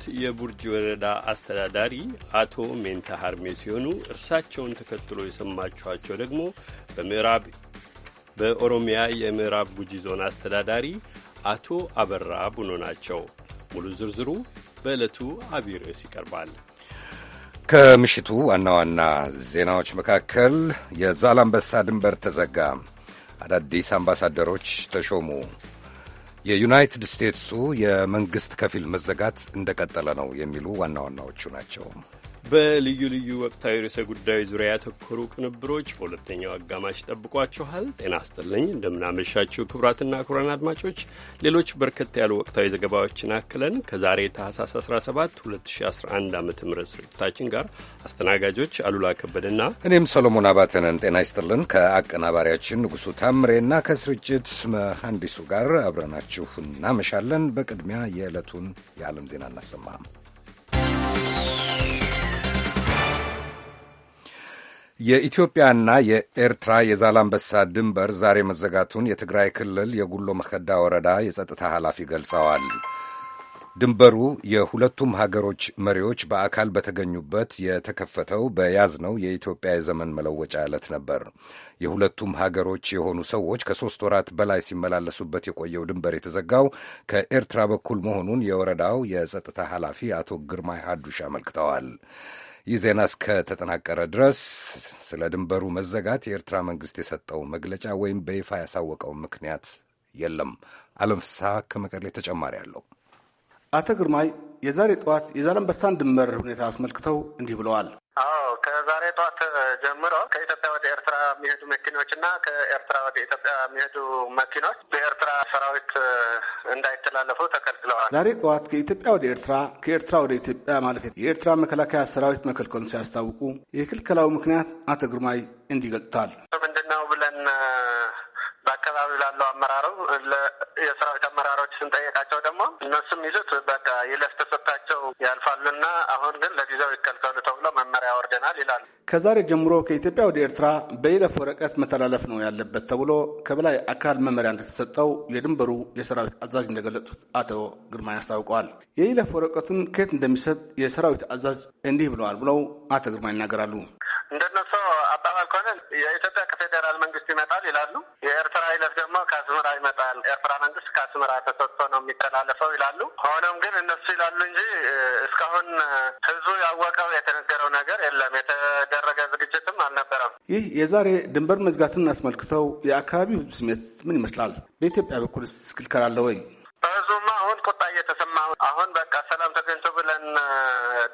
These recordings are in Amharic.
የሰማችሁት የቡርጅ ወረዳ አስተዳዳሪ አቶ ሜንታ ሀርሜ ሲሆኑ እርሳቸውን ተከትሎ የሰማችኋቸው ደግሞ በምዕራብ በኦሮሚያ የምዕራብ ጉጂ ዞን አስተዳዳሪ አቶ አበራ ቡኖ ናቸው። ሙሉ ዝርዝሩ በዕለቱ አብይ ርዕስ ይቀርባል። ከምሽቱ ዋና ዋና ዜናዎች መካከል የዛላምበሳ ድንበር ተዘጋ፣ አዳዲስ አምባሳደሮች ተሾሙ፣ የዩናይትድ ስቴትሱ የመንግሥት ከፊል መዘጋት እንደቀጠለ ነው የሚሉ ዋና ዋናዎቹ ናቸው። በልዩ ልዩ ወቅታዊ ርዕሰ ጉዳዮች ዙሪያ ያተኮሩ ቅንብሮች በሁለተኛው አጋማሽ ጠብቋችኋል። ጤና ይስጥልኝ፣ እንደምናመሻችው ክቡራትና ክቡራን አድማጮች። ሌሎች በርከት ያሉ ወቅታዊ ዘገባዎችን አክለን ከዛሬ ታህሳስ 17 2011 ዓ ም ስርጭታችን ጋር አስተናጋጆች አሉላ ከበደና እኔም ሰሎሞን አባተነን። ጤና ይስጥልን ከአቀናባሪያችን ንጉሱ ታምሬና ከስርጭት መሐንዲሱ ጋር አብረናችሁ እናመሻለን። በቅድሚያ የዕለቱን የዓለም ዜና እናሰማም። የኢትዮጵያና የኤርትራ የዛላምበሳ ድንበር ዛሬ መዘጋቱን የትግራይ ክልል የጉሎ መከዳ ወረዳ የጸጥታ ኃላፊ ገልጸዋል። ድንበሩ የሁለቱም ሀገሮች መሪዎች በአካል በተገኙበት የተከፈተው በያዝነው የኢትዮጵያ የዘመን መለወጫ ዕለት ነበር። የሁለቱም ሀገሮች የሆኑ ሰዎች ከሦስት ወራት በላይ ሲመላለሱበት የቆየው ድንበር የተዘጋው ከኤርትራ በኩል መሆኑን የወረዳው የጸጥታ ኃላፊ አቶ ግርማይ ሀዱሽ አመልክተዋል። ይህ ዜና እስከተጠናቀረ ድረስ ስለ ድንበሩ መዘጋት የኤርትራ መንግስት የሰጠው መግለጫ ወይም በይፋ ያሳወቀው ምክንያት የለም። አለም ፍስሐ ከመቀሌ ተጨማሪ አለው። አቶ ግርማይ የዛሬ ጠዋት የዛላምበሳን ድንበር ሁኔታ አስመልክተው እንዲህ ብለዋል። አዎ ከዛሬ ጠዋት ጀምሮ ከኢትዮጵያ ወደ ኤርትራ የሚሄዱ መኪኖች እና ከኤርትራ ወደ ኢትዮጵያ የሚሄዱ መኪኖች በኤርትራ ሰራዊት እንዳይተላለፉ ተከልክለዋል። ዛሬ ጠዋት ከኢትዮጵያ ወደ ኤርትራ፣ ከኤርትራ ወደ ኢትዮጵያ ማለፍ የኤርትራ መከላከያ ሰራዊት መከልከሉን ሲያስታውቁ የክልከላው ምክንያት አቶ ግርማይ ምንድነው ብለን አካባቢ ላለው አመራሩ የሰራዊት አመራሮች ስንጠየቃቸው ደግሞ እነሱ ይዙት በቃ ይለፍ ተሰጥታቸው ያልፋሉና አሁን ግን ለጊዜው ይከልከሉ ተብሎ መመሪያ ወርደናል ይላሉ። ከዛሬ ጀምሮ ከኢትዮጵያ ወደ ኤርትራ በይለፍ ወረቀት መተላለፍ ነው ያለበት ተብሎ ከበላይ አካል መመሪያ እንደተሰጠው የድንበሩ የሰራዊት አዛዥ እንደገለጹት አቶ ግርማ ያስታውቀዋል። የይለፍ ወረቀቱን ከየት እንደሚሰጥ የሰራዊት አዛዥ እንዲህ ብለዋል ብለው አቶ ግርማ ይናገራሉ። እንደነሱ አባባል ከሆነ የኢትዮጵያ ከፌዴራል መንግስት ይመጣል ይላሉ። የኤርትራ ይለፍ ደግሞ ከአስመራ ይመጣል፣ ኤርትራ መንግስት ከአስመራ ተሰጥቶ ነው የሚተላለፈው ይላሉ። ሆኖም ግን እነሱ ይላሉ እንጂ እስካሁን ህዝቡ ያወቀው የተነገረው ነገር የለም። የተደረገ ዝግጅትም አልነበረም። ይህ የዛሬ ድንበር መዝጋትን አስመልክተው የአካባቢው ህዝብ ስሜት ምን ይመስላል? በኢትዮጵያ በኩል ስክልከላለ ወይ? በህዝቡማ አሁን ቁጣ እየተሰማ አሁን በቃ ሰላም ተገኝቶ ብለን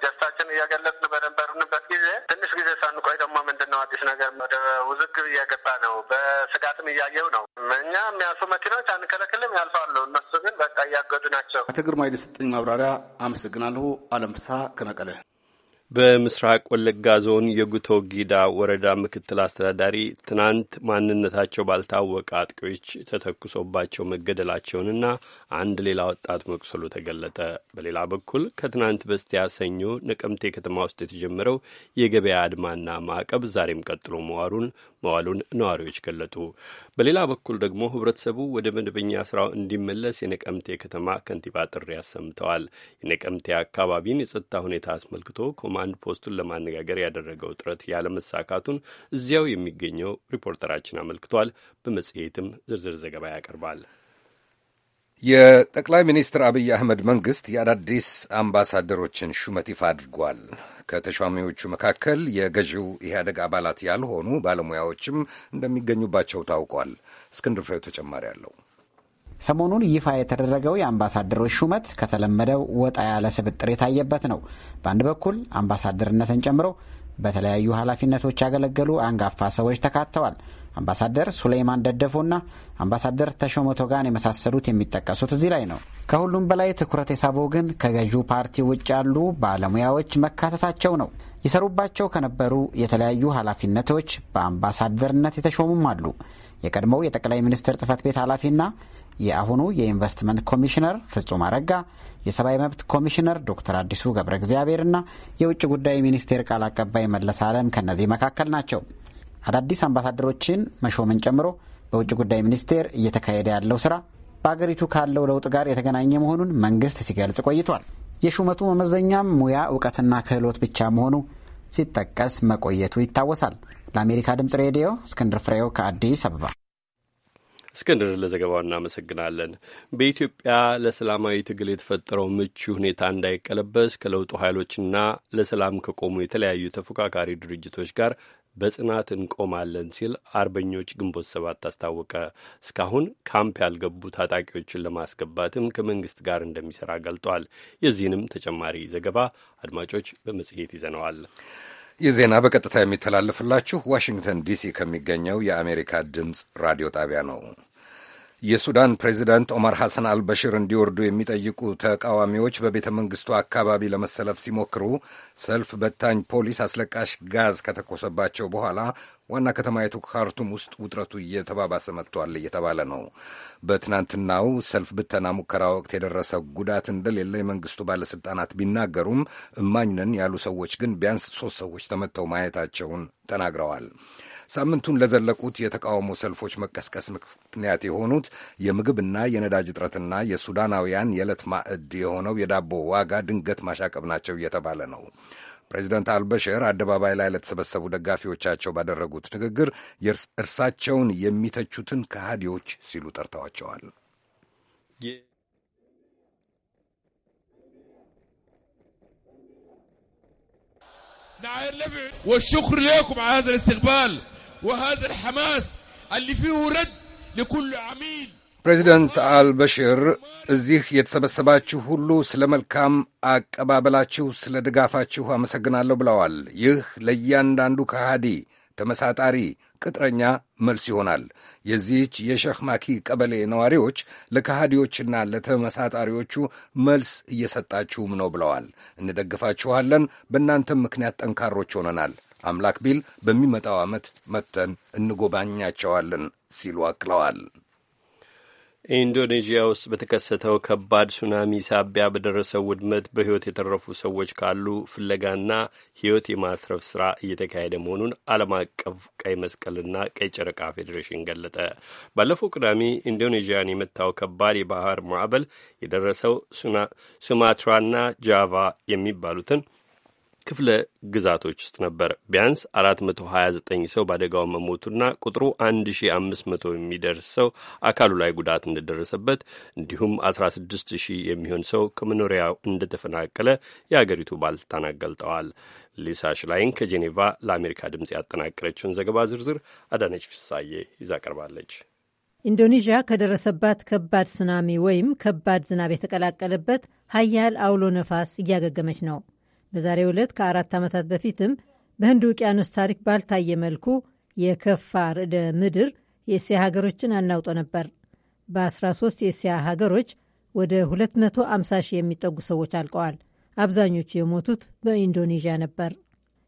ደስታችን እያገለጽን በነበርንበት ጊዜ ትንሽ ጊዜ ሳንቆይ ደግሞ ምንድን ነው አዲስ ነገር ወደ ውዝግብ እየገባ ነው። በስጋትም እያየው ነው። እኛ የሚያልፉ መኪናዎች አንከለክልም፣ ያልፋሉ። እነሱ ግን በቃ እያገዱ ናቸው። አቶ ግርማ የሰጠኝ ማብራሪያ አመሰግናለሁ። አለም ፍስሀ ከመቀለ በምስራቅ ወለጋ ዞን የጉቶ ጊዳ ወረዳ ምክትል አስተዳዳሪ ትናንት ማንነታቸው ባልታወቀ አጥቂዎች ተተኩሶባቸው መገደላቸውንና አንድ ሌላ ወጣት መቁሰሉ ተገለጠ። በሌላ በኩል ከትናንት በስቲያ ሰኞ ነቀምቴ ከተማ ውስጥ የተጀመረው የገበያ አድማና ማዕቀብ ዛሬም ቀጥሎ መዋሉን መዋሉን ነዋሪዎች ገለጡ። በሌላ በኩል ደግሞ ህብረተሰቡ ወደ መደበኛ ስራው እንዲመለስ የነቀምቴ ከተማ ከንቲባ ጥሪ አሰምተዋል። የነቀምቴ አካባቢን የጸጥታ ሁኔታ አስመልክቶ ኮማንድ ፖስቱን ለማነጋገር ያደረገው ጥረት ያለመሳካቱን እዚያው የሚገኘው ሪፖርተራችን አመልክቷል። በመጽሔትም ዝርዝር ዘገባ ያቀርባል። የጠቅላይ ሚኒስትር አብይ አህመድ መንግስት የአዳዲስ አምባሳደሮችን ሹመት ይፋ አድርጓል። ከተሿሚዎቹ መካከል የገዢው ኢህአደግ አባላት ያልሆኑ ባለሙያዎችም እንደሚገኙባቸው ታውቋል። እስክንድር ፍሬው ተጨማሪ አለው። ሰሞኑን ይፋ የተደረገው የአምባሳደሮች ሹመት ከተለመደው ወጣ ያለ ስብጥር የታየበት ነው። በአንድ በኩል አምባሳደርነትን ጨምሮ በተለያዩ ኃላፊነቶች ያገለገሉ አንጋፋ ሰዎች ተካተዋል። አምባሳደር ሱሌይማን ደደፎና አምባሳደር ተሾመ ቶጋን የመሳሰሉት የሚጠቀሱት እዚህ ላይ ነው። ከሁሉም በላይ ትኩረት የሳበው ግን ከገዢው ፓርቲ ውጭ ያሉ ባለሙያዎች መካተታቸው ነው። ይሰሩባቸው ከነበሩ የተለያዩ ኃላፊነቶች በአምባሳደርነት የተሾሙም አሉ። የቀድሞው የጠቅላይ ሚኒስትር ጽህፈት ቤት ኃላፊና የአሁኑ የኢንቨስትመንት ኮሚሽነር ፍጹም አረጋ፣ የሰብአዊ መብት ኮሚሽነር ዶክተር አዲሱ ገብረ እግዚአብሔርና የውጭ ጉዳይ ሚኒስቴር ቃል አቀባይ መለስ አለም ከእነዚህ መካከል ናቸው። አዳዲስ አምባሳደሮችን መሾምን ጨምሮ በውጭ ጉዳይ ሚኒስቴር እየተካሄደ ያለው ስራ በአገሪቱ ካለው ለውጥ ጋር የተገናኘ መሆኑን መንግስት ሲገልጽ ቆይቷል። የሹመቱ መመዘኛም ሙያ እውቀትና ክህሎት ብቻ መሆኑ ሲጠቀስ መቆየቱ ይታወሳል። ለአሜሪካ ድምፅ ሬዲዮ እስክንድር ፍሬው ከአዲስ አበባ እስክንድር ለዘገባው እናመሰግናለን። በኢትዮጵያ ለሰላማዊ ትግል የተፈጠረው ምቹ ሁኔታ እንዳይቀለበስ ከለውጡ ኃይሎችና ለሰላም ከቆሙ የተለያዩ ተፎካካሪ ድርጅቶች ጋር በጽናት እንቆማለን ሲል አርበኞች ግንቦት ሰባት አስታወቀ። እስካሁን ካምፕ ያልገቡ ታጣቂዎችን ለማስገባትም ከመንግስት ጋር እንደሚሰራ ገልጧል። የዚህንም ተጨማሪ ዘገባ አድማጮች በመጽሔት ይዘነዋል። ይህ ዜና በቀጥታ የሚተላለፍላችሁ ዋሽንግተን ዲሲ ከሚገኘው የአሜሪካ ድምፅ ራዲዮ ጣቢያ ነው። የሱዳን ፕሬዚዳንት ኦማር ሐሰን አልበሽር እንዲወርዱ የሚጠይቁ ተቃዋሚዎች በቤተ መንግሥቱ አካባቢ ለመሰለፍ ሲሞክሩ ሰልፍ በታኝ ፖሊስ አስለቃሽ ጋዝ ከተኮሰባቸው በኋላ ዋና ከተማይቱ ካርቱም ውስጥ ውጥረቱ እየተባባሰ መጥቷል እየተባለ ነው። በትናንትናው ሰልፍ ብተና ሙከራ ወቅት የደረሰ ጉዳት እንደሌለ የመንግስቱ ባለስልጣናት ቢናገሩም እማኝ ነን ያሉ ሰዎች ግን ቢያንስ ሦስት ሰዎች ተመተው ማየታቸውን ተናግረዋል። ሳምንቱን ለዘለቁት የተቃውሞ ሰልፎች መቀስቀስ ምክንያት የሆኑት የምግብና የነዳጅ እጥረትና የሱዳናውያን የዕለት ማዕድ የሆነው የዳቦ ዋጋ ድንገት ማሻቀብ ናቸው እየተባለ ነው። ፕሬዚደንት አልበሽር አደባባይ ላይ ለተሰበሰቡ ደጋፊዎቻቸው ባደረጉት ንግግር እርሳቸውን የሚተቹትን ከሃዲዎች ሲሉ ጠርተዋቸዋል። والشكر لكم على هذا الاستقبال وهذا الحماس اللي فيه رد لكل عميل ፕሬዚደንት አልበሽር እዚህ የተሰበሰባችሁ ሁሉ ስለ መልካም አቀባበላችሁ፣ ስለ ድጋፋችሁ አመሰግናለሁ ብለዋል። ይህ ለእያንዳንዱ ከሃዲ፣ ተመሳጣሪ፣ ቅጥረኛ መልስ ይሆናል። የዚህች የሸህ ማኪ ቀበሌ ነዋሪዎች ለከሃዲዎችና ለተመሳጣሪዎቹ መልስ እየሰጣችሁም ነው ብለዋል። እንደግፋችኋለን። በእናንተም ምክንያት ጠንካሮች ሆነናል። አምላክ ቢል በሚመጣው ዓመት መጥተን እንጎባኛቸዋለን ሲሉ አክለዋል። ኢንዶኔዥያ ውስጥ በተከሰተው ከባድ ሱናሚ ሳቢያ በደረሰው ውድመት በሕይወት የተረፉ ሰዎች ካሉ ፍለጋና ሕይወት የማትረፍ ሥራ እየተካሄደ መሆኑን ዓለም አቀፍ ቀይ መስቀልና ቀይ ጨረቃ ፌዴሬሽን ገለጠ። ባለፈው ቅዳሜ ኢንዶኔዥያን የመታው ከባድ የባህር ማዕበል የደረሰው ሱማትራና ጃቫ የሚባሉትን ክፍለ ግዛቶች ውስጥ ነበር። ቢያንስ 429 ሰው በአደጋው መሞቱና ቁጥሩ 1500 የሚደርስ ሰው አካሉ ላይ ጉዳት እንደደረሰበት እንዲሁም 16000 የሚሆን ሰው ከመኖሪያው እንደተፈናቀለ የአገሪቱ ባለስልጣናት ገልጠዋል። ሊሳ ሽላይን ከጄኔቫ ለአሜሪካ ድምፅ ያጠናቀረችውን ዘገባ ዝርዝር አዳነች ፍሳዬ ይዛ ቀርባለች። ኢንዶኔዥያ ከደረሰባት ከባድ ሱናሚ ወይም ከባድ ዝናብ የተቀላቀለበት ሀያል አውሎ ነፋስ እያገገመች ነው። በዛሬው ዕለት ከአራት ዓመታት በፊትም በህንድ ውቅያኖስ ታሪክ ባልታየ መልኩ የከፋ ርዕደ ምድር የእስያ ሀገሮችን አናውጦ ነበር። በ13 የእስያ ሀገሮች ወደ 250 ሺህ የሚጠጉ ሰዎች አልቀዋል። አብዛኞቹ የሞቱት በኢንዶኔዥያ ነበር።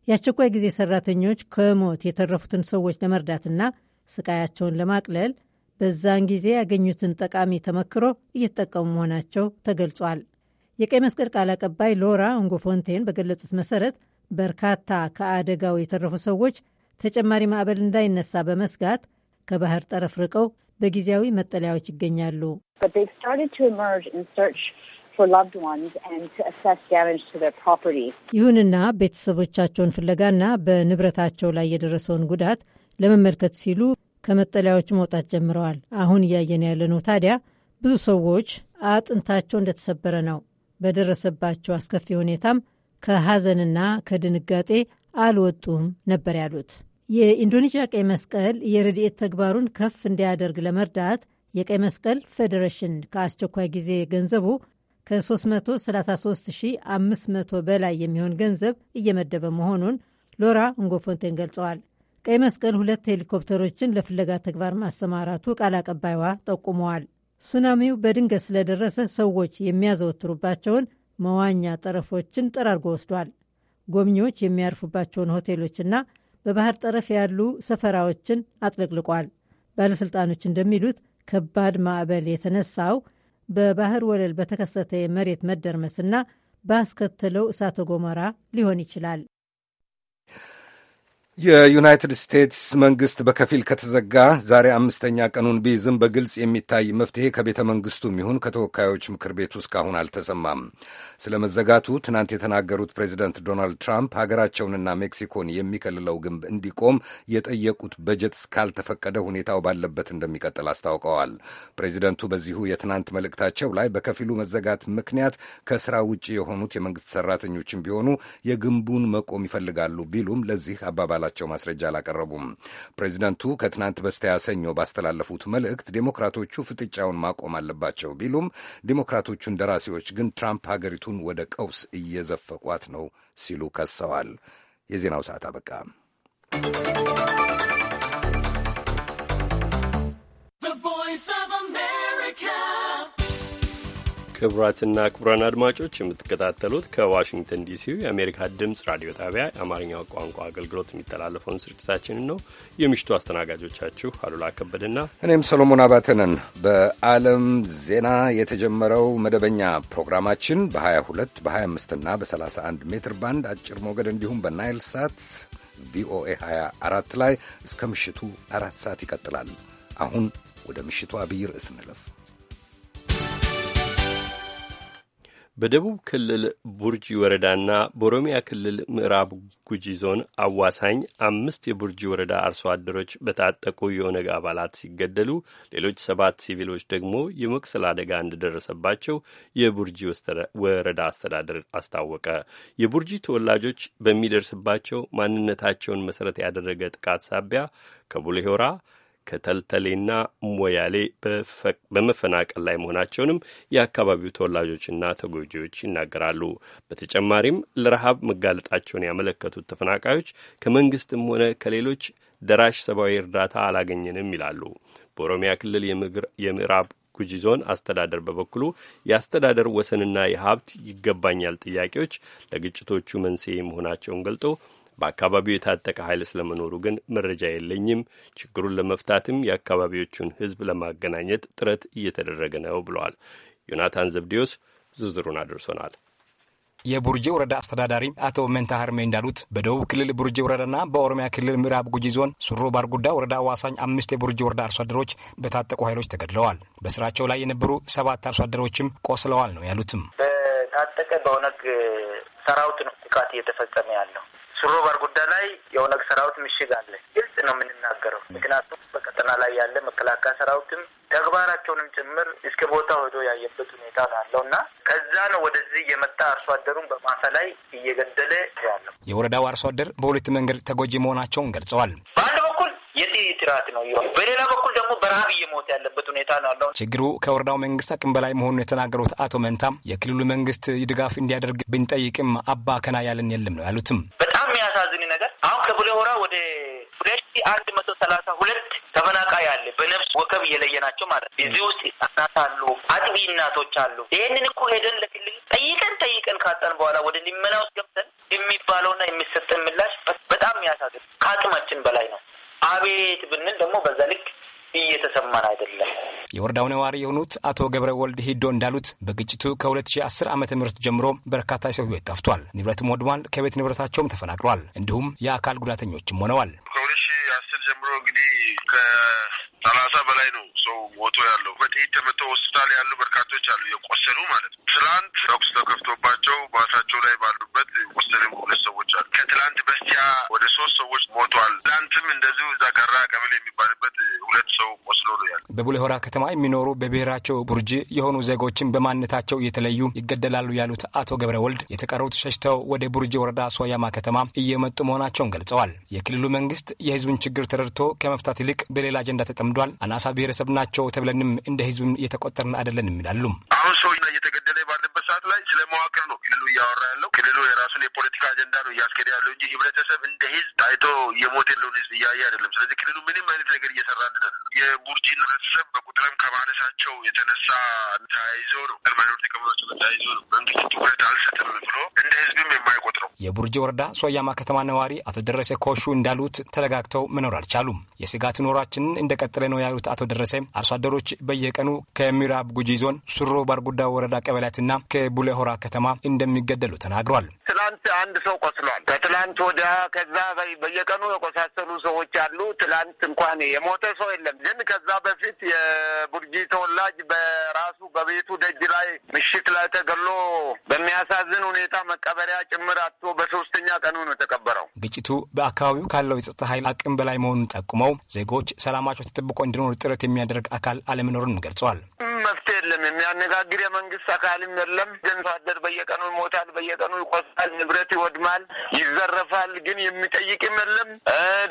የአስቸኳይ ጊዜ ሰራተኞች ከሞት የተረፉትን ሰዎች ለመርዳትና ስቃያቸውን ለማቅለል በዛን ጊዜ ያገኙትን ጠቃሚ ተመክሮ እየተጠቀሙ መሆናቸው ተገልጿል። የቀይ መስቀል ቃል አቀባይ ሎራ እንጎፎንቴን በገለጹት መሰረት በርካታ ከአደጋው የተረፉ ሰዎች ተጨማሪ ማዕበል እንዳይነሳ በመስጋት ከባህር ጠረፍ ርቀው በጊዜያዊ መጠለያዎች ይገኛሉ። ይሁንና ቤተሰቦቻቸውን ፍለጋና በንብረታቸው ላይ የደረሰውን ጉዳት ለመመልከት ሲሉ ከመጠለያዎቹ መውጣት ጀምረዋል። አሁን እያየን ያለነው ታዲያ ብዙ ሰዎች አጥንታቸው እንደተሰበረ ነው። በደረሰባቸው አስከፊ ሁኔታም ከሐዘንና ከድንጋጤ አልወጡም ነበር ያሉት። የኢንዶኔዥያ ቀይ መስቀል የረድኤት ተግባሩን ከፍ እንዲያደርግ ለመርዳት የቀይ መስቀል ፌዴሬሽን ከአስቸኳይ ጊዜ ገንዘቡ ከ333500 በላይ የሚሆን ገንዘብ እየመደበ መሆኑን ሎራ እንጎፎንቴን ገልጸዋል። ቀይ መስቀል ሁለት ሄሊኮፕተሮችን ለፍለጋ ተግባር ማሰማራቱ ቃል አቀባይዋ ጠቁመዋል። ሱናሚው በድንገት ስለደረሰ ሰዎች የሚያዘወትሩባቸውን መዋኛ ጠረፎችን ጠራርጎ ወስዷል። ጎብኚዎች የሚያርፉባቸውን ሆቴሎችና በባህር ጠረፍ ያሉ ሰፈራዎችን አጥለቅልቋል። ባለሥልጣኖች እንደሚሉት ከባድ ማዕበል የተነሳው በባህር ወለል በተከሰተ የመሬት መደርመስና ባስከተለው እሳተ ገሞራ ሊሆን ይችላል። የዩናይትድ ስቴትስ መንግስት በከፊል ከተዘጋ ዛሬ አምስተኛ ቀኑን ቢይዝም በግልጽ የሚታይ መፍትሄ ከቤተ መንግስቱም ይሁን ከተወካዮች ምክር ቤቱ እስካሁን አልተሰማም። ስለ መዘጋቱ ትናንት የተናገሩት ፕሬዚደንት ዶናልድ ትራምፕ ሀገራቸውንና ሜክሲኮን የሚከልለው ግንብ እንዲቆም የጠየቁት በጀት እስካልተፈቀደ ሁኔታው ባለበት እንደሚቀጥል አስታውቀዋል። ፕሬዚደንቱ በዚሁ የትናንት መልእክታቸው ላይ በከፊሉ መዘጋት ምክንያት ከስራ ውጭ የሆኑት የመንግስት ሰራተኞችም ቢሆኑ የግንቡን መቆም ይፈልጋሉ ቢሉም ለዚህ አባባላ ያላቸው ማስረጃ አላቀረቡም። ፕሬዚደንቱ ከትናንት በስቲያ ሰኞ ባስተላለፉት መልእክት ዴሞክራቶቹ ፍጥጫውን ማቆም አለባቸው ቢሉም ዴሞክራቶቹን ደራሲዎች ግን ትራምፕ ሀገሪቱን ወደ ቀውስ እየዘፈቋት ነው ሲሉ ከሰዋል። የዜናው ሰዓት አበቃ። ክቡራትና ክቡራን አድማጮች የምትከታተሉት ከዋሽንግተን ዲሲ የአሜሪካ ድምፅ ራዲዮ ጣቢያ የአማርኛው ቋንቋ አገልግሎት የሚተላለፈውን ስርጭታችንን ነው። የምሽቱ አስተናጋጆቻችሁ አሉላ ከበድና እኔም ሰሎሞን አባተንን። በዓለም ዜና የተጀመረው መደበኛ ፕሮግራማችን በ22 በ25ና በ31 ሜትር ባንድ አጭር ሞገድ እንዲሁም በናይል ሳት ቪኦኤ 24 ላይ እስከ ምሽቱ አራት ሰዓት ይቀጥላል። አሁን ወደ ምሽቱ አብይ ርዕስ እንለፍ። በደቡብ ክልል ቡርጂ ወረዳና በኦሮሚያ ክልል ምዕራብ ጉጂ ዞን አዋሳኝ አምስት የቡርጂ ወረዳ አርሶ አደሮች በታጠቁ የኦነግ አባላት ሲገደሉ ሌሎች ሰባት ሲቪሎች ደግሞ የመቁሰል አደጋ እንደደረሰባቸው የቡርጂ ወረዳ አስተዳደር አስታወቀ። የቡርጂ ተወላጆች በሚደርስባቸው ማንነታቸውን መሰረት ያደረገ ጥቃት ሳቢያ ከቡሌ ከተልተሌና ሞያሌ በመፈናቀል ላይ መሆናቸውንም የአካባቢው ተወላጆችና ተጎጂዎች ይናገራሉ። በተጨማሪም ለረሃብ መጋለጣቸውን ያመለከቱት ተፈናቃዮች ከመንግስትም ሆነ ከሌሎች ደራሽ ሰብአዊ እርዳታ አላገኘንም ይላሉ። በኦሮሚያ ክልል የምዕራብ ጉጂ ዞን አስተዳደር በበኩሉ የአስተዳደር ወሰንና የሀብት ይገባኛል ጥያቄዎች ለግጭቶቹ መንስኤ መሆናቸውን ገልጦ በአካባቢው የታጠቀ ኃይል ስለመኖሩ ግን መረጃ የለኝም። ችግሩን ለመፍታትም የአካባቢዎቹን ሕዝብ ለማገናኘት ጥረት እየተደረገ ነው ብለዋል። ዮናታን ዘብዴዎስ ዝርዝሩን አድርሶናል። የቡርጄ ወረዳ አስተዳዳሪ አቶ መንታ ሀርሜ እንዳሉት በደቡብ ክልል ቡርጄ ወረዳና በኦሮሚያ ክልል ምዕራብ ጉጂ ዞን ሱሮ ባርጉዳ ወረዳ አዋሳኝ አምስት የቡርጄ ወረዳ አርሶ አደሮች በታጠቁ ኃይሎች ተገድለዋል። በስራቸው ላይ የነበሩ ሰባት አርሶ አደሮችም ቆስለዋል ነው ያሉትም። በታጠቀ በኦነግ ሰራዊት ነው ጥቃት እየተፈጸመ ያለው ሱሮ ባር ጉዳይ ላይ የኦነግ ሰራዊት ምሽግ አለ። ግልጽ ነው የምንናገረው። ምክንያቱም በቀጠና ላይ ያለ መከላከያ ሰራዊትም ተግባራቸውንም ጭምር እስከ ቦታው ሄዶ ያየበት ሁኔታ ነው ያለው እና ከዛ ነው ወደዚህ የመጣ አርሶ አደሩን በማሳ ላይ እየገደለ ያለው። የወረዳው አርሶ አደር በሁለት መንገድ ተጎጂ መሆናቸውን ገልጸዋል። የዚህ ትራት ነው በሌላ በኩል ደግሞ በረሀብ እየሞት ያለበት ሁኔታ ነው ያለው። ችግሩ ከወረዳው መንግስት አቅም በላይ መሆኑን የተናገሩት አቶ መንታም የክልሉ መንግስት ድጋፍ እንዲያደርግ ብንጠይቅም አባ ከና ያለን የለም ነው ያሉትም። በጣም የሚያሳዝን ነገር አሁን ከቡሌ ወደ ሁለት ሺ አንድ መቶ ሰላሳ ሁለት ተፈናቃይ አለ በነፍስ ወከብ እየለየናቸው ማለት ነው። እዚህ ውስጥ ህጻናት አሉ፣ አጥቢ እናቶች አሉ። ይህንን እኮ ሄደን ለክልል ጠይቀን ጠይቀን ካጣን በኋላ ወደ ልመና ውስጥ ገብተን የሚባለውና የሚሰጠን ምላሽ በጣም የሚያሳዝን ከአቅማችን በላይ ነው። አቤት ብንል ደግሞ በዛ ልክ እየተሰማን አይደለም። የወረዳው ነዋሪ የሆኑት አቶ ገብረ ወልድ ሂዶ እንዳሉት በግጭቱ ከ2010 ዓ ም ጀምሮ በርካታ የሰው ህይወት ጠፍቷል፣ ንብረትም ወድሟል፣ ከቤት ንብረታቸውም ተፈናቅሏል፣ እንዲሁም የአካል ጉዳተኞችም ሆነዋል። ከ ከ2010 ጀምሮ እንግዲህ ሰላሳ በላይ ነው ሰው ሞቶ ያለው። በጥይት ተመቶ ሆስፒታል ያሉ በርካቶች አሉ፣ የቆሰሉ ማለት ነው። ትላንት ተኩስ ተከፍቶባቸው ባሳቸው ላይ ባሉበት የቆሰሉ ሁለት ሰዎች አሉ። ከትላንት በስቲያ ወደ ሶስት ሰዎች ሞቷል። ትላንትም እንደዚሁ እዛ ጋራ ቀበሌ የሚባልበት ሁለት ሰው ቆስሎ ነው ያለ። በቡሌ ሆራ ከተማ የሚኖሩ በብሔራቸው ቡርጂ የሆኑ ዜጎችን በማንነታቸው እየተለዩ ይገደላሉ ያሉት አቶ ገብረ ወልድ የተቀሩት ሸሽተው ወደ ቡርጂ ወረዳ ሶያማ ከተማ እየመጡ መሆናቸውን ገልጸዋል። የክልሉ መንግስት የህዝብን ችግር ተረድቶ ከመፍታት ይልቅ በሌላ አጀንዳ ተጠምዶ ተወስዷል። አናሳ ብሔረሰብ ናቸው ተብለንም እንደ ህዝብም እየተቆጠርን አይደለንም ይላሉ። አሁን ሰው እየተገደለ ባለ ስለ መዋቅር ነው ክልሉ እያወራ ያለው። ክልሉ የራሱን የፖለቲካ አጀንዳ ነው እያስኬደ ያለው እንጂ ህብረተሰብ እንደ ህዝብ ታይቶ የሞት የለውን ህዝብ እያየ አይደለም። ስለዚህ ክልሉ ምንም አይነት ነገር እየሰራ አይደለም። የቡርጂን ህብረተሰብ በቁጥርም ከማነሳቸው የተነሳ ተያይዞ ነው ማይኖሪቲ ከመኖች ተያይዞ ነው መንግስት ትኩረት አልሰጥም ብሎ እንደ ህዝብም የማይቆጥረው የቡርጂ ወረዳ ሶያማ ከተማ ነዋሪ አቶ ደረሰ ኮሹ እንዳሉት ተረጋግተው መኖር አልቻሉም። የስጋት ኖራችንን እንደቀጠለ ነው ያሉት አቶ ደረሰ አርሶ አደሮች በየቀኑ ከምዕራብ ጉጂ ዞን ሱሮ ባርጉዳ ወረዳ ቀበሌያትና ከቡሌ ሆራ ከተማ እንደሚገደሉ ተናግሯል። ትላንት አንድ ሰው ቆስሏል። ከትላንት ወዲያ ከዛ በየቀኑ የቆሳሰሉ ሰዎች አሉ። ትላንት እንኳን የሞተ ሰው የለም። ግን ከዛ በፊት የቡርጂ ተወላጅ በራሱ በቤቱ ደጅ ላይ ምሽት ላይ ተገሎ በሚያሳዝን ሁኔታ መቀበሪያ ጭምር አቶ በሶስተኛ ቀኑ ነው የተቀበረው። ግጭቱ በአካባቢው ካለው የጸጥታ ኃይል አቅም በላይ መሆኑን ጠቁመው ዜጎች ሰላማቸው ተጠብቆ እንዲኖሩ ጥረት የሚያደርግ አካል አለመኖርን ገልጸዋል። መፍትሄ የለም፣ የሚያነጋግር የመንግስት አካልም የለም። ግን አርሶ አደር በየቀኑ ይሞታል፣ በየቀኑ ይቆስላል፣ ንብረት ይወድማል፣ ይዘረፋል። ግን የሚጠይቅም የለም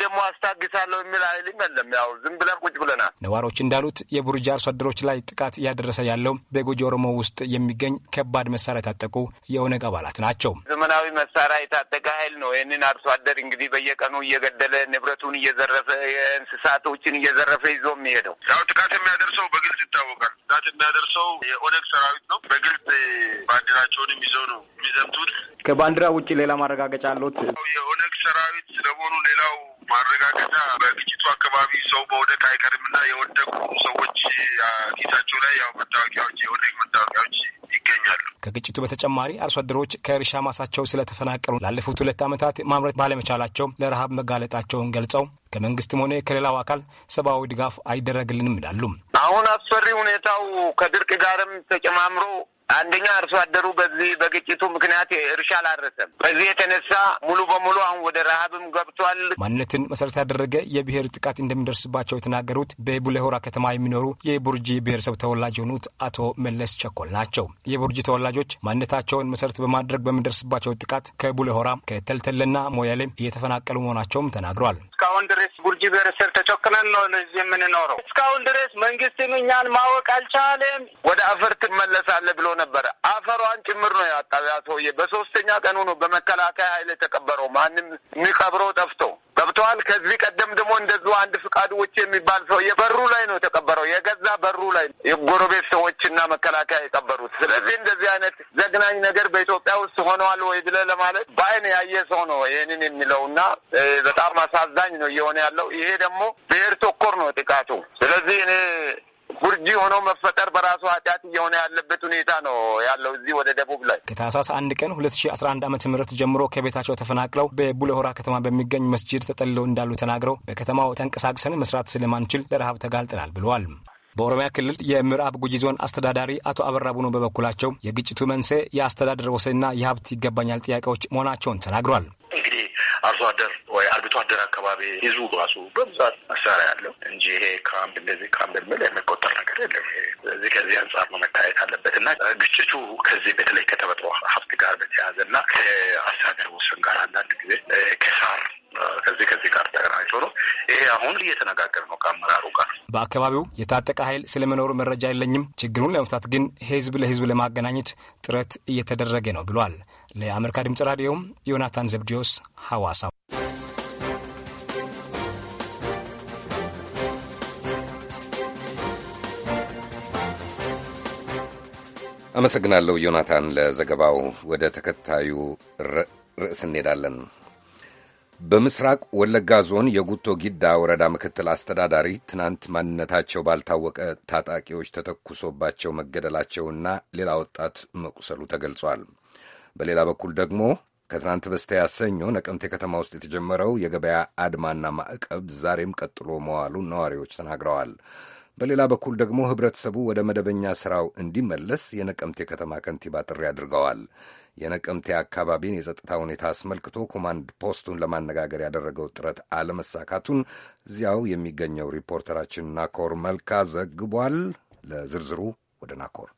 ደግሞ አስታግሳለሁ የሚል አይልም የለም። ያው ዝም ብለን ቁጭ ብለናል። ነዋሪዎች እንዳሉት የቡርጃ አርሶ አደሮች ላይ ጥቃት እያደረሰ ያለው በጎጂ ኦሮሞ ውስጥ የሚገኝ ከባድ መሳሪያ የታጠቁ የኦነግ አባላት ናቸው። ዘመናዊ መሳሪያ የታጠቀ ኃይል ነው ይህንን አርሶ አደር እንግዲህ በየቀኑ እየገደለ ንብረቱን እየዘረፈ የእንስሳቶችን እየዘረፈ ይዞ የሚሄደው ያው ጥቃት የሚያደርሰው በግልጽ ይታወቃል። ጥቃት የሚያደርሰው የኦነግ ሰራዊት ነው በግልጽ ባንዲራቸውንም ይዘው ነው የሚዘምቱት። ከባንዲራ ውጭ ሌላ ማረጋገጫ አለት የኦነግ ሰራዊት ስለመሆኑ ሌላው ማረጋገጫ በግጭቱ አካባቢ ሰው በኦነግ አይቀርምና የወደቁ ሰዎች ፊታቸው ላይ ያው መታወቂያዎች የኦነግ መታወቂያዎች ይገኛሉ። ከግጭቱ በተጨማሪ አርሶ አደሮች ከእርሻ ማሳቸው ስለተፈናቀሉ ላለፉት ሁለት ዓመታት ማምረት ባለመቻላቸው ለረሃብ መጋለጣቸውን ገልጸው ከመንግስትም ሆነ ከሌላው አካል ሰብአዊ ድጋፍ አይደረግልንም ይላሉ። አሁን አስፈሪ ሁኔታው ከድርቅ ጋርም ተጨማምሮ አንደኛ አርሶ አደሩ በዚህ በግጭቱ ምክንያት እርሻ አላረሰም። በዚህ የተነሳ ሙሉ በሙሉ አሁን ወደ ረሃብም ገብቷል። ማንነትን መሰረት ያደረገ የብሔር ጥቃት እንደሚደርስባቸው የተናገሩት በቡሌሆራ ከተማ የሚኖሩ የቡርጂ ብሔረሰብ ተወላጅ የሆኑት አቶ መለስ ቸኮል ናቸው። የቡርጂ ተወላጆች ማንነታቸውን መሰረት በማድረግ በሚደርስባቸው ጥቃት ከቡሌሆራ ከተልተለና ሞያሌም እየተፈናቀሉ መሆናቸውም ተናግሯል። እስካሁን ድረስ ቡርጂ ብሔረሰብ ተጨክነን ነው እዚህ የምንኖረው። እስካሁን ድረስ መንግስትም እኛን ማወቅ አልቻለም። ወደ አፈር ትመለሳለ ብሎ ነበረ። አፈሯን ጭምር ነው ያጣው ያ ሰውዬ። በሶስተኛ ቀኑ ነው በመከላከያ ኃይል የተቀበረው። ማንም የሚቀብረው ጠፍቶ ገብተዋል። ከዚህ ቀደም ደግሞ እንደዚሁ አንድ ፍቃዱ ውጭ የሚባል ሰውዬ በሩ ላይ ነው የተቀበረው። የገዛ በሩ ላይ የጎረቤት ሰዎች እና መከላከያ የቀበሩት። ስለዚህ እንደዚህ አይነት ዘግናኝ ነገር በኢትዮጵያ ውስጥ ሆነዋል ወይ ብለ ለማለት በአይን ያየ ሰው ነው ይህንን የሚለው እና በጣም አሳዛኝ ነው እየሆነ ያለው። ይሄ ደግሞ ብሔር ተኮር ነው ጥቃቱ። ስለዚህ እኔ ጉርጂ ሆነው መፈጠር በራሱ ኃጢአት እየሆነ ያለበት ሁኔታ ነው ያለው እዚህ ወደ ደቡብ ላይ ከታህሳስ አንድ ቀን ሁለት ሺ አስራ አንድ ዓመተ ምህረት ጀምሮ ከቤታቸው ተፈናቅለው በቡለሆራ ከተማ በሚገኝ መስጂድ ተጠልለው እንዳሉ ተናግረው በከተማው ተንቀሳቅሰን መስራት ስለማንችል ለረሃብ ተጋልጠናል ብለዋል። በኦሮሚያ ክልል የምዕራብ ጉጂ ዞን አስተዳዳሪ አቶ አበራ ቡኖ በበኩላቸው የግጭቱ መንስኤ የአስተዳደር ወሰንና የሀብት ይገባኛል ጥያቄዎች መሆናቸውን ተናግሯል። አርሶ አደር ወይ አርብቶ አደር አካባቢ ህዝቡ ራሱ በብዛት መሳሪያ ያለው እንጂ ይሄ ካምፕ እንደዚህ ካምፕ የሚል የሚቆጠር ነገር የለም። ስለዚህ ከዚህ አንጻር ነው መታየት አለበት እና ግጭቱ ከዚህ በተለይ ከተፈጥሮ ሀብት ጋር በተያያዘ እና ከአስተዳደር ውስን ጋር አንዳንድ ጊዜ ከሳር ከዚህ ከዚህ ጋር ተገናኝቶ ነው። ይሄ አሁን እየተነጋገር ነው ከአመራሩ ጋር። በአካባቢው የታጠቀ ኃይል ስለመኖሩ መረጃ የለኝም። ችግሩን ለመፍታት ግን ህዝብ ለህዝብ ለማገናኘት ጥረት እየተደረገ ነው ብሏል። ለአሜሪካ ድምፅ ራዲዮም ዮናታን ዘብዲዮስ ሐዋሳ። አመሰግናለሁ ዮናታን ለዘገባው። ወደ ተከታዩ ርዕስ እንሄዳለን። በምስራቅ ወለጋ ዞን የጉቶ ጊዳ ወረዳ ምክትል አስተዳዳሪ ትናንት ማንነታቸው ባልታወቀ ታጣቂዎች ተተኩሶባቸው መገደላቸውና ሌላ ወጣት መቁሰሉ ተገልጿል። በሌላ በኩል ደግሞ ከትናንት በስቲያ ሰኞ ነቀምቴ ከተማ ውስጥ የተጀመረው የገበያ አድማና ማዕቀብ ዛሬም ቀጥሎ መዋሉን ነዋሪዎች ተናግረዋል። በሌላ በኩል ደግሞ ህብረተሰቡ ወደ መደበኛ ስራው እንዲመለስ የነቀምቴ ከተማ ከንቲባ ጥሪ አድርገዋል። የነቀምቴ አካባቢን የጸጥታ ሁኔታ አስመልክቶ ኮማንድ ፖስቱን ለማነጋገር ያደረገው ጥረት አለመሳካቱን እዚያው የሚገኘው ሪፖርተራችን ናኮር መልካ ዘግቧል። ለዝርዝሩ ወደ ናኮር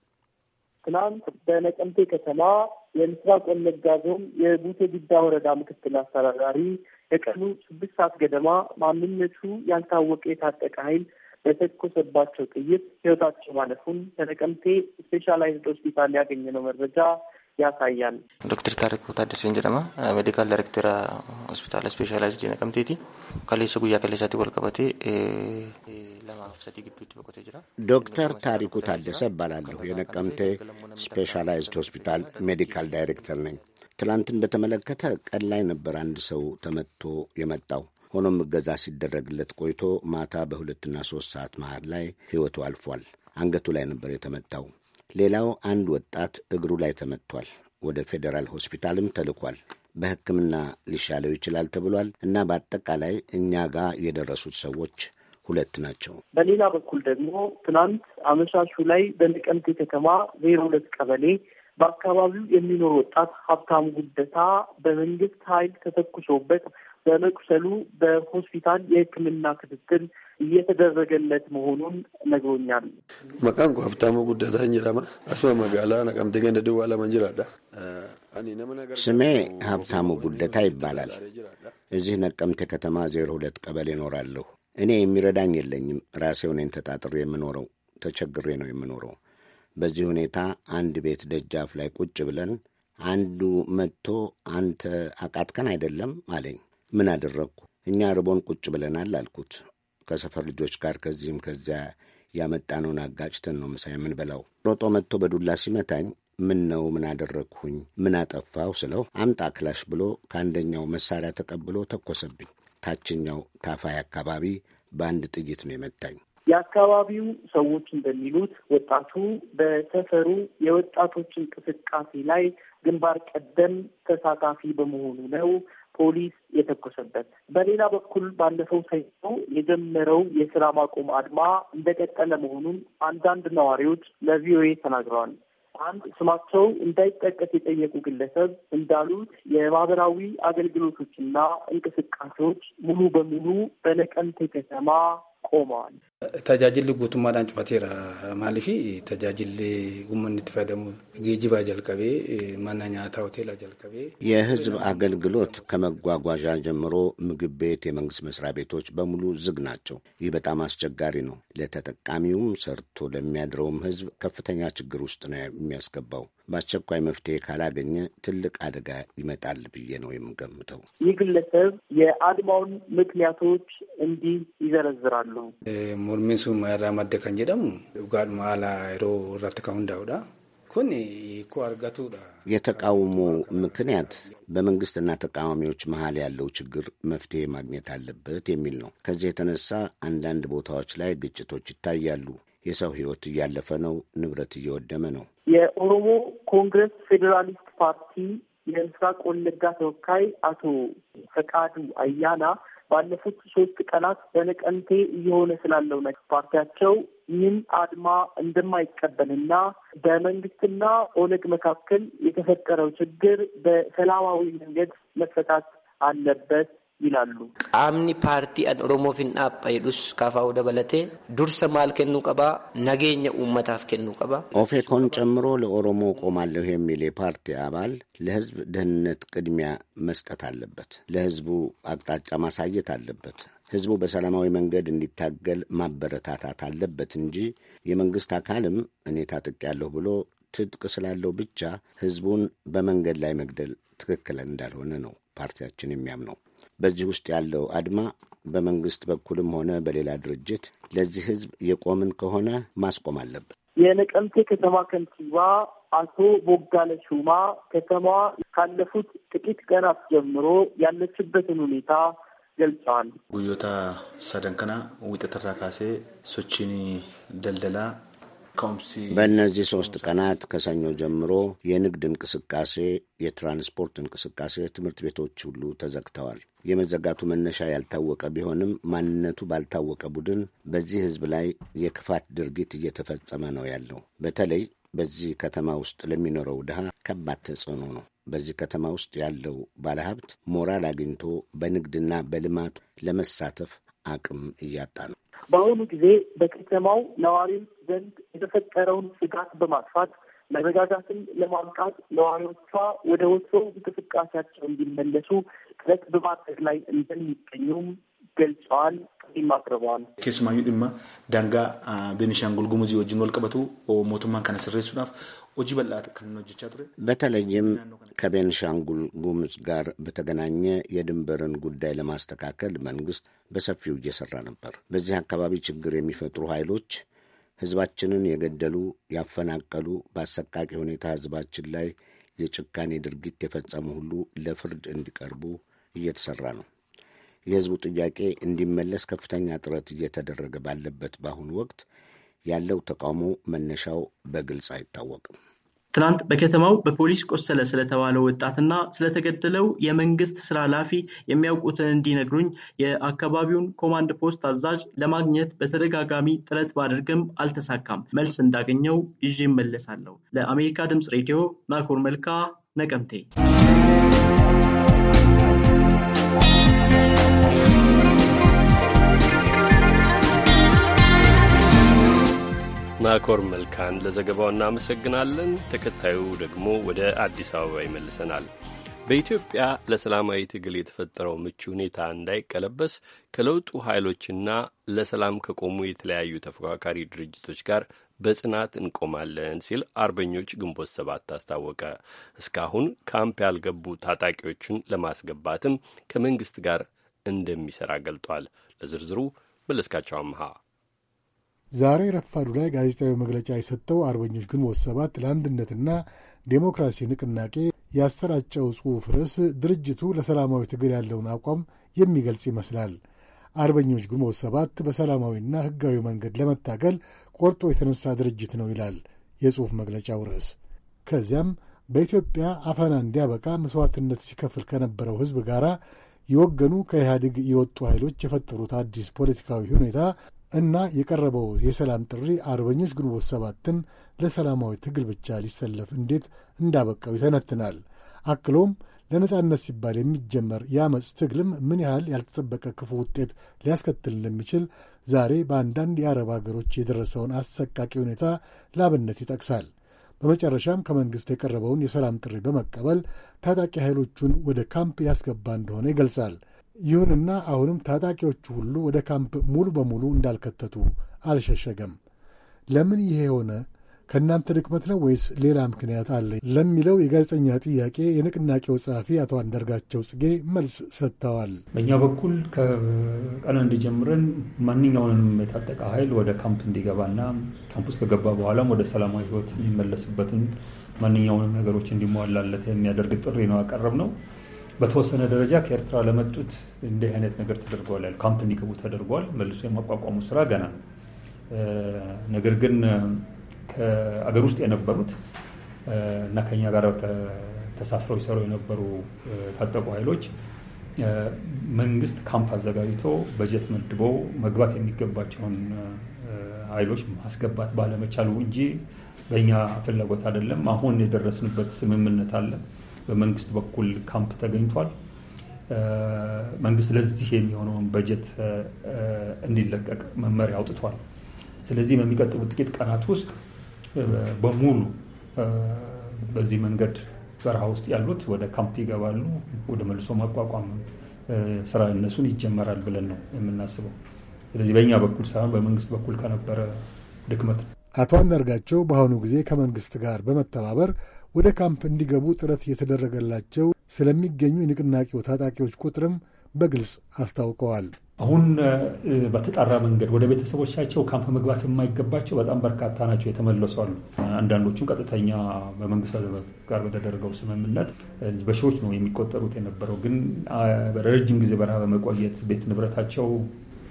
ትናንት በነቀምቴ ከተማ የምስራቅ ወለጋ ዞን የቡቴ ግዳ ወረዳ ምክትል አስተዳዳሪ የቀኑ ስድስት ሰዓት ገደማ ማንነቱ ያልታወቀ የታጠቀ ኃይል በተኮሰባቸው ጥይት ህይወታቸው ማለፉን ከነቀምቴ ስፔሻላይዝድ ሆስፒታል ያገኘነው መረጃ ያሳያል። ዶክተር ታሪኩ ታደሰን ጀደማ ሜዲካል ዳይሬክተር ሆስፒታል ስፔሻላይዝድ ነቀምቴቲ ከሌሱ ጉያ ከሌሳቲ ወልቀበቴ ዶክተር ታሪኩ ታደሰ እባላለሁ። የነቀምቴ ስፔሻላይዝድ ሆስፒታል ሜዲካል ዳይሬክተር ነኝ። ትላንትን በተመለከተ ቀን ላይ ነበር አንድ ሰው ተመትቶ የመጣው። ሆኖም እገዛ ሲደረግለት ቆይቶ ማታ በሁለትና ሶስት ሰዓት መሀል ላይ ሕይወቱ አልፏል። አንገቱ ላይ ነበር የተመታው። ሌላው አንድ ወጣት እግሩ ላይ ተመትቷል። ወደ ፌዴራል ሆስፒታልም ተልኳል። በሕክምና ሊሻለው ይችላል ተብሏል እና በአጠቃላይ እኛ ጋር የደረሱት ሰዎች ሁለት ናቸው። በሌላ በኩል ደግሞ ትናንት አመሻሹ ላይ በነቀምቴ ከተማ ዜሮ ሁለት ቀበሌ በአካባቢው የሚኖር ወጣት ሀብታም ጉደታ በመንግስት ኃይል ተተኩሶበት በመቁሰሉ በሆስፒታል የሕክምና ክትትል እየተደረገለት መሆኑን ነግሮኛል። መቃን ኳ ሀብታሙ ጉዳታ እንጅራማ አስማ መጋላ ነቀምቴ ገንደ ድዋ ለመን ስሜ ሀብታሙ ጉደታ ይባላል። እዚህ ነቀምቴ ከተማ ዜሮ ሁለት ቀበሌ እኖራለሁ። እኔ የሚረዳኝ የለኝም። ራሴው ነኝ ተጣጥሬ የምኖረው። ተቸግሬ ነው የምኖረው። በዚህ ሁኔታ አንድ ቤት ደጃፍ ላይ ቁጭ ብለን አንዱ መጥቶ አንተ አቃጥከን አይደለም አለኝ። ምን አደረግኩ? እኛ ርቦን ቁጭ ብለናል አልኩት። ከሰፈር ልጆች ጋር ከዚህም ከዚያ ያመጣነውን አጋጭተን ነው ምሳ የምንበላው። ሮጦ መጥቶ በዱላ ሲመታኝ ምን ነው ምን አደረግሁኝ? ምን አጠፋው ስለው አምጣ ክላሽ ብሎ ከአንደኛው መሳሪያ ተቀብሎ ተኮሰብኝ። ታችኛው ታፋይ አካባቢ በአንድ ጥይት ነው የመታኝ። የአካባቢው ሰዎች እንደሚሉት ወጣቱ በሰፈሩ የወጣቶች እንቅስቃሴ ላይ ግንባር ቀደም ተሳታፊ በመሆኑ ነው ፖሊስ የተኮሰበት። በሌላ በኩል ባለፈው ሰኞ የጀመረው የስራ ማቆም አድማ እንደቀጠለ መሆኑን አንዳንድ ነዋሪዎች ለቪኦኤ ተናግረዋል። አንድ ስማቸው እንዳይጠቀስ የጠየቁ ግለሰብ እንዳሉት የማህበራዊ አገልግሎቶችና እንቅስቃሴዎች ሙሉ በሙሉ በነቀምቴ ከተማ ቆመዋል። Tajaajilli guutummaadhaan cufateera. fi tajaajilli uummanni itti fayyadamu geejibaa jalqabee mana nyaataa hoteelaa jalqabee የሕዝብ አገልግሎት ከመጓጓዣ ጀምሮ ምግብ ቤት፣ የመንግስት መስሪያ ቤቶች በሙሉ ዝግ ናቸው። ይህ በጣም አስቸጋሪ ነው። ለተጠቃሚውም ሰርቶ ለሚያድረውም ህዝብ ከፍተኛ ችግር ውስጥ ነው የሚያስገባው። በአስቸኳይ መፍትሄ ካላገኘ ትልቅ አደጋ ይመጣል ብዬ ነው የምገምተው። ይህ ግለሰብ የአድማውን ምክንያቶች እንዲህ ይዘረዝራሉ። mormiin sun irraa madde kan jedhamu dhugaadhuma alaa yeroo irratti kan hundaa'udha kun hiikoo argatuudha። የተቃውሞ ምክንያት በመንግስትና ተቃዋሚዎች መሀል ያለው ችግር መፍትሄ ማግኘት አለበት የሚል ነው። ከዚህ የተነሳ አንዳንድ ቦታዎች ላይ ግጭቶች ይታያሉ። የሰው ህይወት እያለፈ ነው፣ ንብረት እየወደመ ነው። የኦሮሞ ኮንግረስ ፌዴራሊስት ፓርቲ የምስራቅ ወለጋ ተወካይ አቶ ፈቃዱ አያና ባለፉት ሶስት ቀናት በነቀንቴ እየሆነ ስላለው ነ ፓርቲያቸው ይህን አድማ እንደማይቀበልና በመንግስትና ኦነግ መካከል የተፈጠረው ችግር በሰላማዊ መንገድ መፈታት አለበት ይላሉ። qaamni ፓርቲ አን ኦሮሞ hin dhaabbayedhus ካፋው ደበለቴ ዱርሰ ማል kennuu ቀባ nageኛ ኡመታፍ kennuu ቀባ ኦፌኮን ጨምሮ ለኦሮሞ ቆማለሁ የሚል የፓርቲ አባል ለህዝብ ደህንነት ቅድሚያ መስጠት አለበት። ለህዝቡ አቅጣጫ ማሳየት አለበት። ህዝቡ በሰላማዊ መንገድ እንዲታገል ማበረታታት አለበት እንጂ የመንግስት አካልም እኔ ታጥቄያለሁ ብሎ ትጥቅ ስላለው ብቻ ህዝቡን በመንገድ ላይ መግደል ትክክል እንዳልሆነ ነው ፓርቲያችን የሚያምነው። በዚህ ውስጥ ያለው አድማ በመንግስት በኩልም ሆነ በሌላ ድርጅት ለዚህ ህዝብ የቆምን ከሆነ ማስቆም አለብን። የነቀምቴ ከተማ ከንቲባ አቶ ቦጋለ ሹማ ከተማዋ ካለፉት ጥቂት ቀናት ጀምሮ ያለችበትን ሁኔታ ገልጸዋል። ጉዮታ ሰደንከና ውጤተራ ካሴ ሶችኒ ደልደላ በእነዚህ ሦስት ቀናት ከሰኞ ጀምሮ የንግድ እንቅስቃሴ፣ የትራንስፖርት እንቅስቃሴ፣ ትምህርት ቤቶች ሁሉ ተዘግተዋል። የመዘጋቱ መነሻ ያልታወቀ ቢሆንም ማንነቱ ባልታወቀ ቡድን በዚህ ሕዝብ ላይ የክፋት ድርጊት እየተፈጸመ ነው ያለው። በተለይ በዚህ ከተማ ውስጥ ለሚኖረው ድሃ ከባድ ተጽዕኖ ነው። በዚህ ከተማ ውስጥ ያለው ባለሀብት ሞራል አግኝቶ በንግድና በልማቱ ለመሳተፍ አቅም እያጣ ነው። በአሁኑ ጊዜ በከተማው ነዋሪም ዘንድ የተፈጠረውን ስጋት በማጥፋት መረጋጋትን ለማምጣት ነዋሪዎቿ ወደ ወትሮ እንቅስቃሴያቸው እንዲመለሱ ጥረት በማድረግ ላይ እንደሚገኙም ገልጸዋል። ማ አቅርበዋል። ኬሱማዩ ድማ ዳንጋ ቤኒሻንጉል ጉሙዝ ወጅን ወልቀበቱ ሞቱማን ከነ ሆጂ በላት ከኖጅቻ ቱሬ በተለይም ከቤኒሻንጉል ጉሙዝ ጋር በተገናኘ የድንበርን ጉዳይ ለማስተካከል መንግስት በሰፊው እየሰራ ነበር። በዚህ አካባቢ ችግር የሚፈጥሩ ኃይሎች ህዝባችንን የገደሉ፣ ያፈናቀሉ፣ በአሰቃቂ ሁኔታ ህዝባችን ላይ የጭካኔ ድርጊት የፈጸሙ ሁሉ ለፍርድ እንዲቀርቡ እየተሰራ ነው። የሕዝቡ ጥያቄ እንዲመለስ ከፍተኛ ጥረት እየተደረገ ባለበት በአሁኑ ወቅት ያለው ተቃውሞ መነሻው በግልጽ አይታወቅም። ትናንት በከተማው በፖሊስ ቆሰለ ስለተባለው ወጣትና ስለተገደለው የመንግስት ስራ ኃላፊ የሚያውቁትን እንዲነግሩኝ የአካባቢውን ኮማንድ ፖስት አዛዥ ለማግኘት በተደጋጋሚ ጥረት ባደርግም አልተሳካም። መልስ እንዳገኘው ይዤ እመለሳለሁ። ለአሜሪካ ድምፅ ሬዲዮ ናኮር መልካ ነቀምቴ ናኮር መልካን ለዘገባው እናመሰግናለን። ተከታዩ ደግሞ ወደ አዲስ አበባ ይመልሰናል። በኢትዮጵያ ለሰላማዊ ትግል የተፈጠረው ምቹ ሁኔታ እንዳይቀለበስ ከለውጡ ኃይሎችና ለሰላም ከቆሙ የተለያዩ ተፎካካሪ ድርጅቶች ጋር በጽናት እንቆማለን ሲል አርበኞች ግንቦት ሰባት አስታወቀ። እስካሁን ካምፕ ያልገቡ ታጣቂዎቹን ለማስገባትም ከመንግስት ጋር እንደሚሰራ ገልጧል። ለዝርዝሩ መለስካቸው አምሃ ዛሬ ረፋዱ ላይ ጋዜጣዊ መግለጫ የሰጠው አርበኞች ግንቦት ሰባት ለአንድነትና ዴሞክራሲ ንቅናቄ ያሰራጨው ጽሑፍ ርዕስ ድርጅቱ ለሰላማዊ ትግል ያለውን አቋም የሚገልጽ ይመስላል። አርበኞች ግንቦት ሰባት በሰላማዊና ሕጋዊ መንገድ ለመታገል ቆርጦ የተነሳ ድርጅት ነው ይላል የጽሑፍ መግለጫው ርዕስ። ከዚያም በኢትዮጵያ አፈና እንዲያበቃ መሥዋዕትነት ሲከፍል ከነበረው ሕዝብ ጋር የወገኑ ከኢህአዴግ የወጡ ኃይሎች የፈጠሩት አዲስ ፖለቲካዊ ሁኔታ እና የቀረበው የሰላም ጥሪ አርበኞች ግንቦት ሰባትን ለሰላማዊ ትግል ብቻ ሊሰለፍ እንዴት እንዳበቃው ይተነትናል። አክሎም ለነጻነት ሲባል የሚጀመር የአመፅ ትግልም ምን ያህል ያልተጠበቀ ክፉ ውጤት ሊያስከትል እንደሚችል ዛሬ በአንዳንድ የአረብ አገሮች የደረሰውን አሰቃቂ ሁኔታ ላብነት ይጠቅሳል። በመጨረሻም ከመንግሥት የቀረበውን የሰላም ጥሪ በመቀበል ታጣቂ ኃይሎቹን ወደ ካምፕ ያስገባ እንደሆነ ይገልጻል። ይሁንና አሁንም ታጣቂዎቹ ሁሉ ወደ ካምፕ ሙሉ በሙሉ እንዳልከተቱ አልሸሸገም። ለምን ይሄ የሆነ ከእናንተ ድክመት ነው ወይስ ሌላ ምክንያት አለ ለሚለው የጋዜጠኛ ጥያቄ የንቅናቄው ጸሐፊ አቶ አንዳርጋቸው ጽጌ መልስ ሰጥተዋል። በእኛ በኩል ከቀን እንዲጀምረን ማንኛውንም የታጠቀ ኃይል ወደ ካምፕ እንዲገባና ካምፕ ውስጥ ከገባ በኋላም ወደ ሰላማዊ ሕይወት የሚመለስበትን ማንኛውንም ነገሮች እንዲሟላለት የሚያደርግ ጥሪ ነው ያቀረብ ነው። በተወሰነ ደረጃ ከኤርትራ ለመጡት እንዲህ አይነት ነገር ተደርጓል። ካምፕ እንዲገቡ ተደርጓል። መልሶ የማቋቋሙ ስራ ገና ነው። ነገር ግን ከአገር ውስጥ የነበሩት እና ከኛ ጋር ተሳስረው ይሰሩ የነበሩ ታጠቁ ኃይሎች መንግስት ካምፕ አዘጋጅቶ በጀት መድቦ መግባት የሚገባቸውን ኃይሎች ማስገባት ባለመቻሉ እንጂ በእኛ ፍላጎት አይደለም። አሁን የደረስንበት ስምምነት አለ። በመንግስት በኩል ካምፕ ተገኝቷል። መንግስት ለዚህ የሚሆነውን በጀት እንዲለቀቅ መመሪያ አውጥቷል። ስለዚህ በሚቀጥሉት ጥቂት ቀናት ውስጥ በሙሉ በዚህ መንገድ በረሃ ውስጥ ያሉት ወደ ካምፕ ይገባሉ። ወደ መልሶ ማቋቋም ስራ እነሱን ይጀመራል ብለን ነው የምናስበው። ስለዚህ በእኛ በኩል ሳይሆን በመንግስት በኩል ከነበረ ድክመት ነው። አቶ አንዳርጋቸው በአሁኑ ጊዜ ከመንግስት ጋር በመተባበር ወደ ካምፕ እንዲገቡ ጥረት እየተደረገላቸው ስለሚገኙ የንቅናቄው ታጣቂዎች ቁጥርም በግልጽ አስታውቀዋል። አሁን በተጣራ መንገድ ወደ ቤተሰቦቻቸው ካምፕ መግባት የማይገባቸው በጣም በርካታ ናቸው የተመለሱ አንዳንዶቹም ቀጥተኛ በመንግስት ጋር በተደረገው ስምምነት በሺዎች ነው የሚቆጠሩት የነበረው። ግን ረጅም ጊዜ በረሃ በመቆየት ቤት ንብረታቸው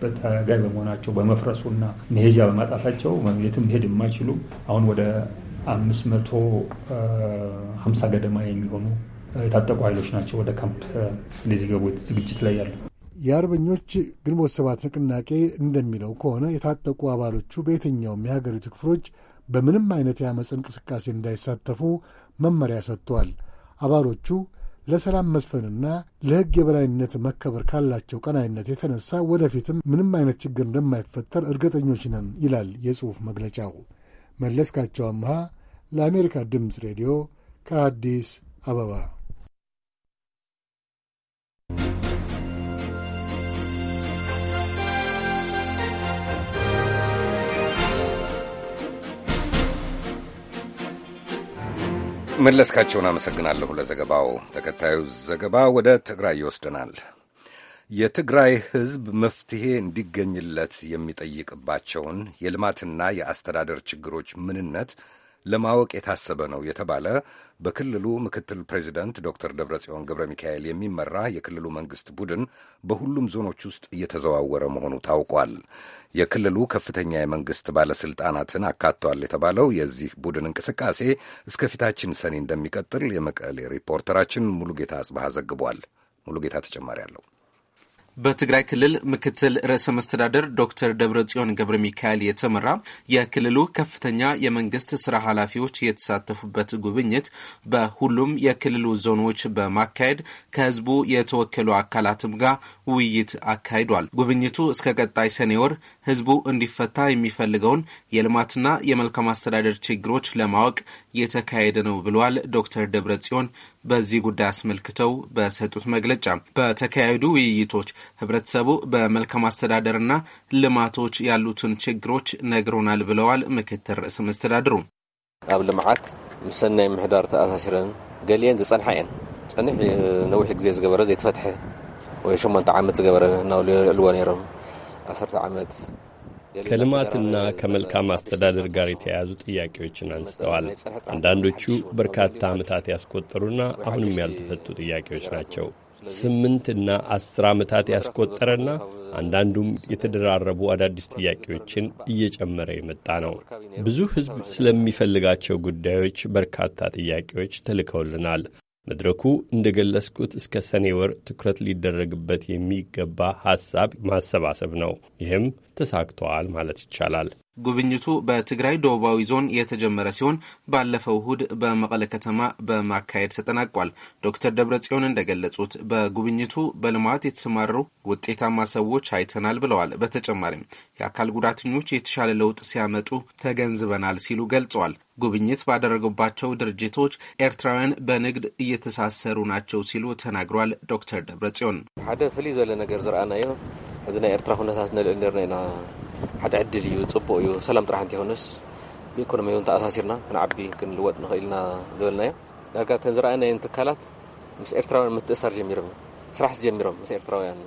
በተጋይ በመሆናቸው በመፍረሱና መሄጃ በማጣታቸው የትም መሄድ የማይችሉ አሁን ወደ አምስት መቶ ሀምሳ ገደማ የሚሆኑ የታጠቁ ኃይሎች ናቸው ወደ ካምፕ ሊገቡ ዝግጅት ላይ ያሉ። የአርበኞች ግንቦት ሰባት ንቅናቄ እንደሚለው ከሆነ የታጠቁ አባሎቹ በየትኛውም የሀገሪቱ ክፍሎች በምንም አይነት የአመፅ እንቅስቃሴ እንዳይሳተፉ መመሪያ ሰጥቷል። አባሎቹ ለሰላም መስፈንና ለሕግ የበላይነት መከበር ካላቸው ቀናይነት የተነሳ ወደፊትም ምንም አይነት ችግር እንደማይፈጠር እርግጠኞች ነን ይላል የጽሑፍ መግለጫው። መለስካቸው አምሃ ለአሜሪካ ድምፅ ሬዲዮ ከአዲስ አበባ መለስካቸውን አመሰግናለሁ ለዘገባው። ተከታዩ ዘገባ ወደ ትግራይ ይወስደናል። የትግራይ ሕዝብ መፍትሄ እንዲገኝለት የሚጠይቅባቸውን የልማትና የአስተዳደር ችግሮች ምንነት ለማወቅ የታሰበ ነው የተባለ በክልሉ ምክትል ፕሬዚደንት ዶክተር ደብረጽዮን ገብረ ሚካኤል የሚመራ የክልሉ መንግስት ቡድን በሁሉም ዞኖች ውስጥ እየተዘዋወረ መሆኑ ታውቋል። የክልሉ ከፍተኛ የመንግስት ባለስልጣናትን አካቷል የተባለው የዚህ ቡድን እንቅስቃሴ እስከፊታችን ሰኔ እንደሚቀጥል የመቀሌ ሪፖርተራችን ሙሉጌታ አጽባሃ ዘግቧል። ሙሉጌታ ተጨማሪ አለው። በትግራይ ክልል ምክትል ርዕሰ መስተዳደር ዶክተር ደብረጽዮን ገብረ ሚካኤል የተመራ የክልሉ ከፍተኛ የመንግስት ስራ ኃላፊዎች የተሳተፉበት ጉብኝት በሁሉም የክልሉ ዞኖች በማካሄድ ከህዝቡ የተወከሉ አካላትም ጋር ውይይት አካሂዷል። ጉብኝቱ እስከ ቀጣይ ሰኔ ወር ህዝቡ እንዲፈታ የሚፈልገውን የልማትና የመልካም አስተዳደር ችግሮች ለማወቅ የተካሄደ ነው ብለዋል ዶክተር ደብረጽዮን በዚህ ጉዳይ አስመልክተው በሰጡት መግለጫ በተካሄዱ ውይይቶች ህብረተሰቡ በመልካም አስተዳደርና ልማቶች ያሉትን ችግሮች ነግሮናል ብለዋል። ምክትል ርእሰ መስተዳድሩ ኣብ ልምዓት ምስ ሰናይ ምሕዳር ተኣሳሲረን ገሊአን ዝፀንሐ እየን ፀኒሕ ነዊሕ ግዜ ዝገበረ ዘይተፈትሐ ወይ 8 ዓመት ዝገበረ እናብልዕልዎ ነይሮም 1 ዓመት ከልማትና ከመልካም አስተዳደር ጋር የተያያዙ ጥያቄዎችን አንስተዋል። አንዳንዶቹ በርካታ ዓመታት ያስቆጠሩና አሁንም ያልተፈቱ ጥያቄዎች ናቸው። ስምንትና አስር ዓመታት ያስቆጠረና አንዳንዱም የተደራረቡ አዳዲስ ጥያቄዎችን እየጨመረ የመጣ ነው። ብዙ ሕዝብ ስለሚፈልጋቸው ጉዳዮች በርካታ ጥያቄዎች ተልከውልናል። መድረኩ እንደ ገለጽኩት እስከ ሰኔ ወር ትኩረት ሊደረግበት የሚገባ ሐሳብ ማሰባሰብ ነው። ይህም ተሳክተዋል ማለት ይቻላል። ጉብኝቱ በትግራይ ደቡባዊ ዞን የተጀመረ ሲሆን ባለፈው እሁድ በመቀለ ከተማ በማካሄድ ተጠናቋል። ዶክተር ደብረጽዮን እንደገለጹት በጉብኝቱ በልማት የተሰማሩ ውጤታማ ሰዎች አይተናል ብለዋል። በተጨማሪም የአካል ጉዳተኞች የተሻለ ለውጥ ሲያመጡ ተገንዝበናል ሲሉ ገልጸዋል። ጉብኝት ባደረጉባቸው ድርጅቶች ኤርትራውያን በንግድ እየተሳሰሩ ናቸው ሲሉ ተናግሯል። ዶክተር ደብረጽዮን ሓደ ፍልይ ዘለ ነገር ዝረአናዮ እዚ ናይ ኤርትራ ኩነታት ንርኢ ነርና ኢና ሓደ ዕድል እዩ ፅቡቅ እዩ ሰላም ጥራሕ እንተይኮነስ ብኢኮኖሚ እውን ተኣሳሲርና ክንዓቢ ክንልወጥ ንኽእልና ዝበልናዮ ዳርጋ ተን ዝረኣየናየን ትካላት ምስ ኤርትራውያን ምትእሳር ጀሚሮም ስራሕ ጀሚሮም ምስ ኤርትራውያን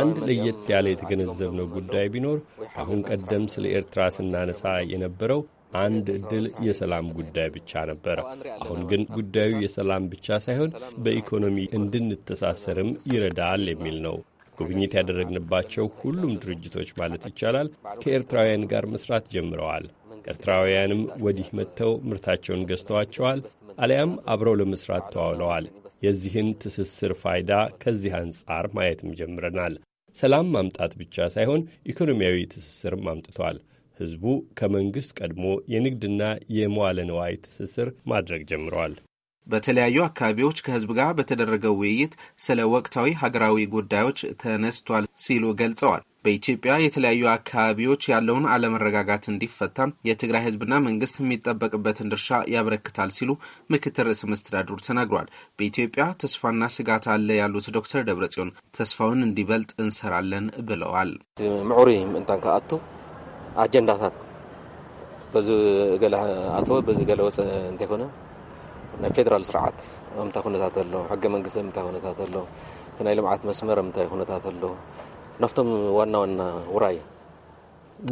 አንድ ለየት ያለ የተገነዘብነው ጉዳይ ቢኖር አሁን ቀደም ስለ ኤርትራ ስናነሳ የነበረው አንድ እድል የሰላም ጉዳይ ብቻ ነበረ። አሁን ግን ጉዳዩ የሰላም ብቻ ሳይሆን በኢኮኖሚ እንድንተሳሰርም ይረዳል የሚል ነው። ጉብኝት ያደረግንባቸው ሁሉም ድርጅቶች ማለት ይቻላል ከኤርትራውያን ጋር መስራት ጀምረዋል። ኤርትራውያንም ወዲህ መጥተው ምርታቸውን ገዝተዋቸዋል፣ አሊያም አብረው ለመስራት ተዋውለዋል። የዚህን ትስስር ፋይዳ ከዚህ አንጻር ማየትም ጀምረናል። ሰላም ማምጣት ብቻ ሳይሆን ኢኮኖሚያዊ ትስስርም አምጥቷል። ሕዝቡ ከመንግሥት ቀድሞ የንግድና የመዋለ ንዋይ ትስስር ማድረግ ጀምረዋል። በተለያዩ አካባቢዎች ከህዝብ ጋር በተደረገው ውይይት ስለ ወቅታዊ ሀገራዊ ጉዳዮች ተነስቷል ሲሉ ገልጸዋል። በኢትዮጵያ የተለያዩ አካባቢዎች ያለውን አለመረጋጋት እንዲፈታ የትግራይ ህዝብና መንግስት የሚጠበቅበትን ድርሻ ያበረክታል ሲሉ ምክትል ርዕሰ መስተዳድሩ ተናግሯል። በኢትዮጵያ ተስፋና ስጋት አለ ያሉት ዶክተር ደብረጽዮን ተስፋውን እንዲበልጥ እንሰራለን ብለዋል። ምዑሪ ምእንታን ከኣቱ አጀንዳታት በዚ ገለ አቶ በዚ ገለ ወፀ እንተይኮነ ናይ ፌደራል ስርዓት ምንታይ ኩነታት ኣሎ ሕገ መንግስቲ ምንታይ ኩነታት ኣሎ እቲ ናይ ልምዓት መስመር ምንታይ ኩነታት ኣሎ ናብቶም ዋና ዋና ውራይ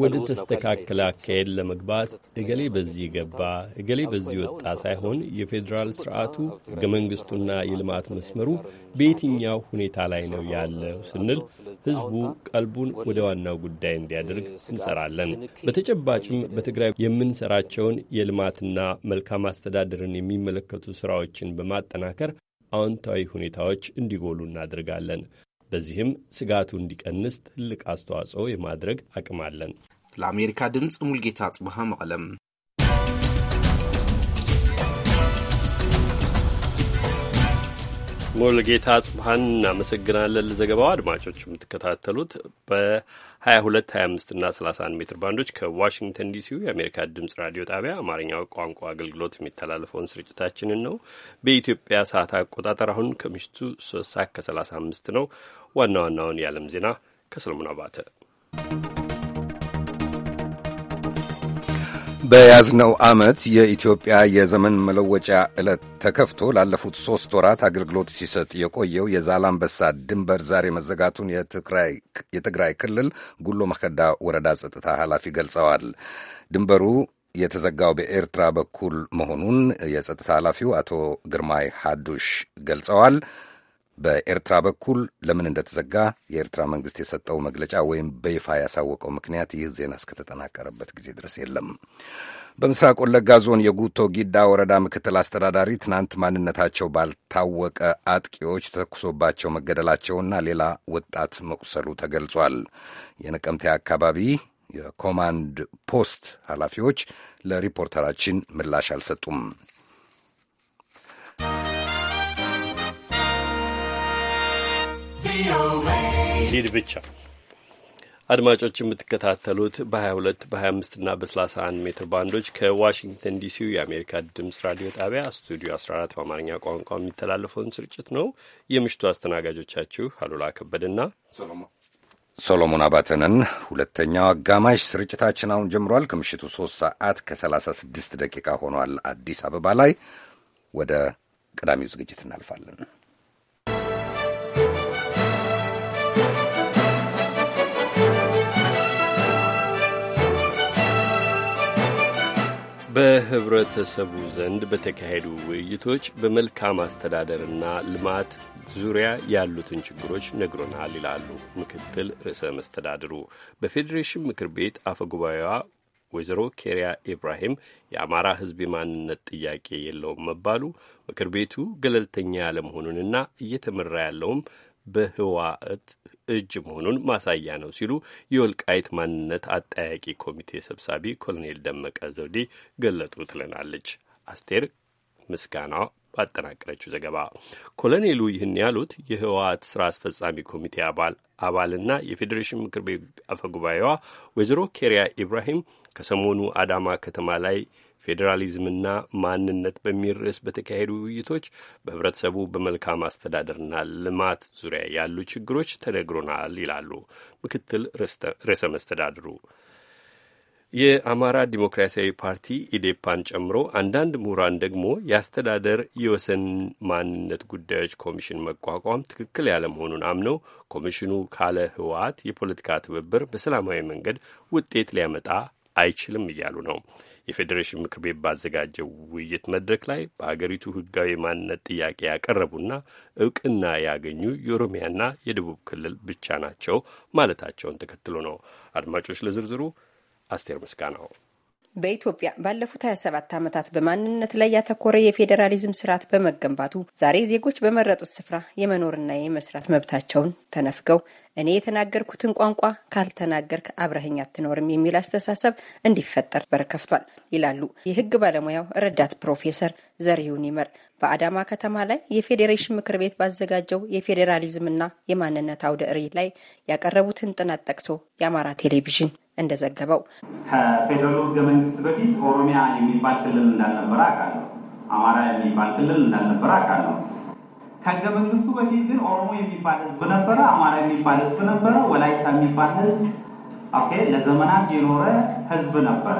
ወደ ተስተካከለ አካሄድ ለመግባት እገሌ በዚህ ገባ እገሌ በዚህ ወጣ ሳይሆን የፌዴራል ስርዓቱ ሕገ መንግሥቱና የልማት መስመሩ በየትኛው ሁኔታ ላይ ነው ያለው ስንል ሕዝቡ ቀልቡን ወደ ዋናው ጉዳይ እንዲያደርግ እንሰራለን። በተጨባጭም በትግራይ የምንሰራቸውን የልማትና መልካም አስተዳደርን የሚመለከቱ ስራዎችን በማጠናከር አዎንታዊ ሁኔታዎች እንዲጎሉ እናደርጋለን። በዚህም ስጋቱ እንዲቀንስ ትልቅ አስተዋጽኦ የማድረግ አቅም አለን። ለአሜሪካ ድምፅ ሙልጌታ አጽብሃ መቀለም ሞልጌታ ጽብሀን እናመሰግናለን ለዘገባው። አድማጮች የምትከታተሉት በ22፣ 25 እና 31 ሜትር ባንዶች ከዋሽንግተን ዲሲው የአሜሪካ ድምጽ ራዲዮ ጣቢያ አማርኛው ቋንቋ አገልግሎት የሚተላለፈውን ስርጭታችንን ነው። በኢትዮጵያ ሰዓት አቆጣጠር አሁን ከምሽቱ 3 ሰዓት ከ35 ነው። ዋና ዋናውን የዓለም ዜና ከሰለሞን አባተ በያዝነው ዓመት የኢትዮጵያ የዘመን መለወጫ ዕለት ተከፍቶ ላለፉት ሦስት ወራት አገልግሎት ሲሰጥ የቆየው የዛላምበሳ ድንበር ዛሬ መዘጋቱን የትግራይ ክልል ጉሎ መከዳ ወረዳ ጸጥታ ኃላፊ ገልጸዋል። ድንበሩ የተዘጋው በኤርትራ በኩል መሆኑን የጸጥታ ኃላፊው አቶ ግርማይ ሐዱሽ ገልጸዋል። በኤርትራ በኩል ለምን እንደተዘጋ የኤርትራ መንግስት የሰጠው መግለጫ ወይም በይፋ ያሳወቀው ምክንያት ይህ ዜና እስከተጠናቀረበት ጊዜ ድረስ የለም። በምስራቅ ወለጋ ዞን የጉቶ ጊዳ ወረዳ ምክትል አስተዳዳሪ ትናንት ማንነታቸው ባልታወቀ አጥቂዎች ተኩሶባቸው መገደላቸውና ሌላ ወጣት መቁሰሉ ተገልጿል። የነቀምቴ አካባቢ የኮማንድ ፖስት ኃላፊዎች ለሪፖርተራችን ምላሽ አልሰጡም። ሂድ ብቻ አድማጮች የምትከታተሉት በ22 በ25 እና በ31 ሜትር ባንዶች ከዋሽንግተን ዲሲው የአሜሪካ ድምፅ ራዲዮ ጣቢያ ስቱዲዮ 14 በአማርኛ ቋንቋ የሚተላለፈውን ስርጭት ነው። የምሽቱ አስተናጋጆቻችሁ አሉላ ከበድና ሶሎሞን አባተንን። ሁለተኛው አጋማሽ ስርጭታችን አሁን ጀምሯል። ከምሽቱ 3 ሰዓት ከ36 ደቂቃ ሆኗል አዲስ አበባ ላይ። ወደ ቀዳሚው ዝግጅት እናልፋለን። በህብረተሰቡ ዘንድ በተካሄዱ ውይይቶች በመልካም አስተዳደርና ልማት ዙሪያ ያሉትን ችግሮች ነግሮናል ይላሉ ምክትል ርዕሰ መስተዳድሩ። በፌዴሬሽን ምክር ቤት አፈጉባኤዋ ወይዘሮ ኬሪያ ኢብራሂም የአማራ ህዝብ የማንነት ጥያቄ የለውም መባሉ ምክር ቤቱ ገለልተኛ ያለመሆኑንና እየተመራ ያለውም በህወሓት እጅ መሆኑን ማሳያ ነው ሲሉ የወልቃይት ማንነት አጠያቂ ኮሚቴ ሰብሳቢ ኮሎኔል ደመቀ ዘውዴ ገለጡ ትለናለች አስቴር ምስጋና ባጠናቀረችው ዘገባ። ኮሎኔሉ ይህን ያሉት የህወሓት ስራ አስፈጻሚ ኮሚቴ አባል አባልና የፌዴሬሽን ምክር ቤት አፈጉባኤዋ ወይዘሮ ኬሪያ ኢብራሂም ከሰሞኑ አዳማ ከተማ ላይ ፌዴራሊዝምና ማንነት በሚል ርዕስ በተካሄዱ ውይይቶች በህብረተሰቡ በመልካም አስተዳደርና ልማት ዙሪያ ያሉ ችግሮች ተነግሮናል ይላሉ ምክትል ርዕሰ መስተዳድሩ። የአማራ ዲሞክራሲያዊ ፓርቲ ኢዴፓን ጨምሮ አንዳንድ ምሁራን ደግሞ የአስተዳደር የወሰን ማንነት ጉዳዮች ኮሚሽን መቋቋም ትክክል ያለመሆኑን አምነው ኮሚሽኑ ካለ ህወሓት የፖለቲካ ትብብር በሰላማዊ መንገድ ውጤት ሊያመጣ አይችልም እያሉ ነው። የፌዴሬሽን ምክር ቤት ባዘጋጀው ውይይት መድረክ ላይ በሀገሪቱ ህጋዊ ማንነት ጥያቄ ያቀረቡና እውቅና ያገኙ የኦሮሚያና የደቡብ ክልል ብቻ ናቸው ማለታቸውን ተከትሎ ነው። አድማጮች፣ ለዝርዝሩ አስቴር ምስጋናው በኢትዮጵያ ባለፉት 27 ዓመታት በማንነት ላይ ያተኮረ የፌዴራሊዝም ስርዓት በመገንባቱ ዛሬ ዜጎች በመረጡት ስፍራ የመኖርና የመስራት መብታቸውን ተነፍገው እኔ የተናገርኩትን ቋንቋ ካልተናገርክ አብረኸኝ አትኖርም የሚል አስተሳሰብ እንዲፈጠር በር ከፍቷል ይላሉ የህግ ባለሙያው ረዳት ፕሮፌሰር ዘሪሁን ይመር በአዳማ ከተማ ላይ የፌዴሬሽን ምክር ቤት ባዘጋጀው የፌዴራሊዝምና የማንነት አውደ ርዕይ ላይ ያቀረቡትን ጥናት ጠቅሶ የአማራ ቴሌቪዥን እንደዘገበው ከፌዴራሉ ህገ መንግስት በፊት ኦሮሚያ የሚባል ክልል እንዳልነበረ አካል አማራ የሚባል ክልል እንዳልነበረ አካል ከህገ መንግስቱ በፊት ግን ኦሮሞ የሚባል ህዝብ ነበረ፣ አማራ የሚባል ህዝብ ነበረ፣ ወላይታ የሚባል ህዝብ ኦኬ፣ ለዘመናት የኖረ ህዝብ ነበረ።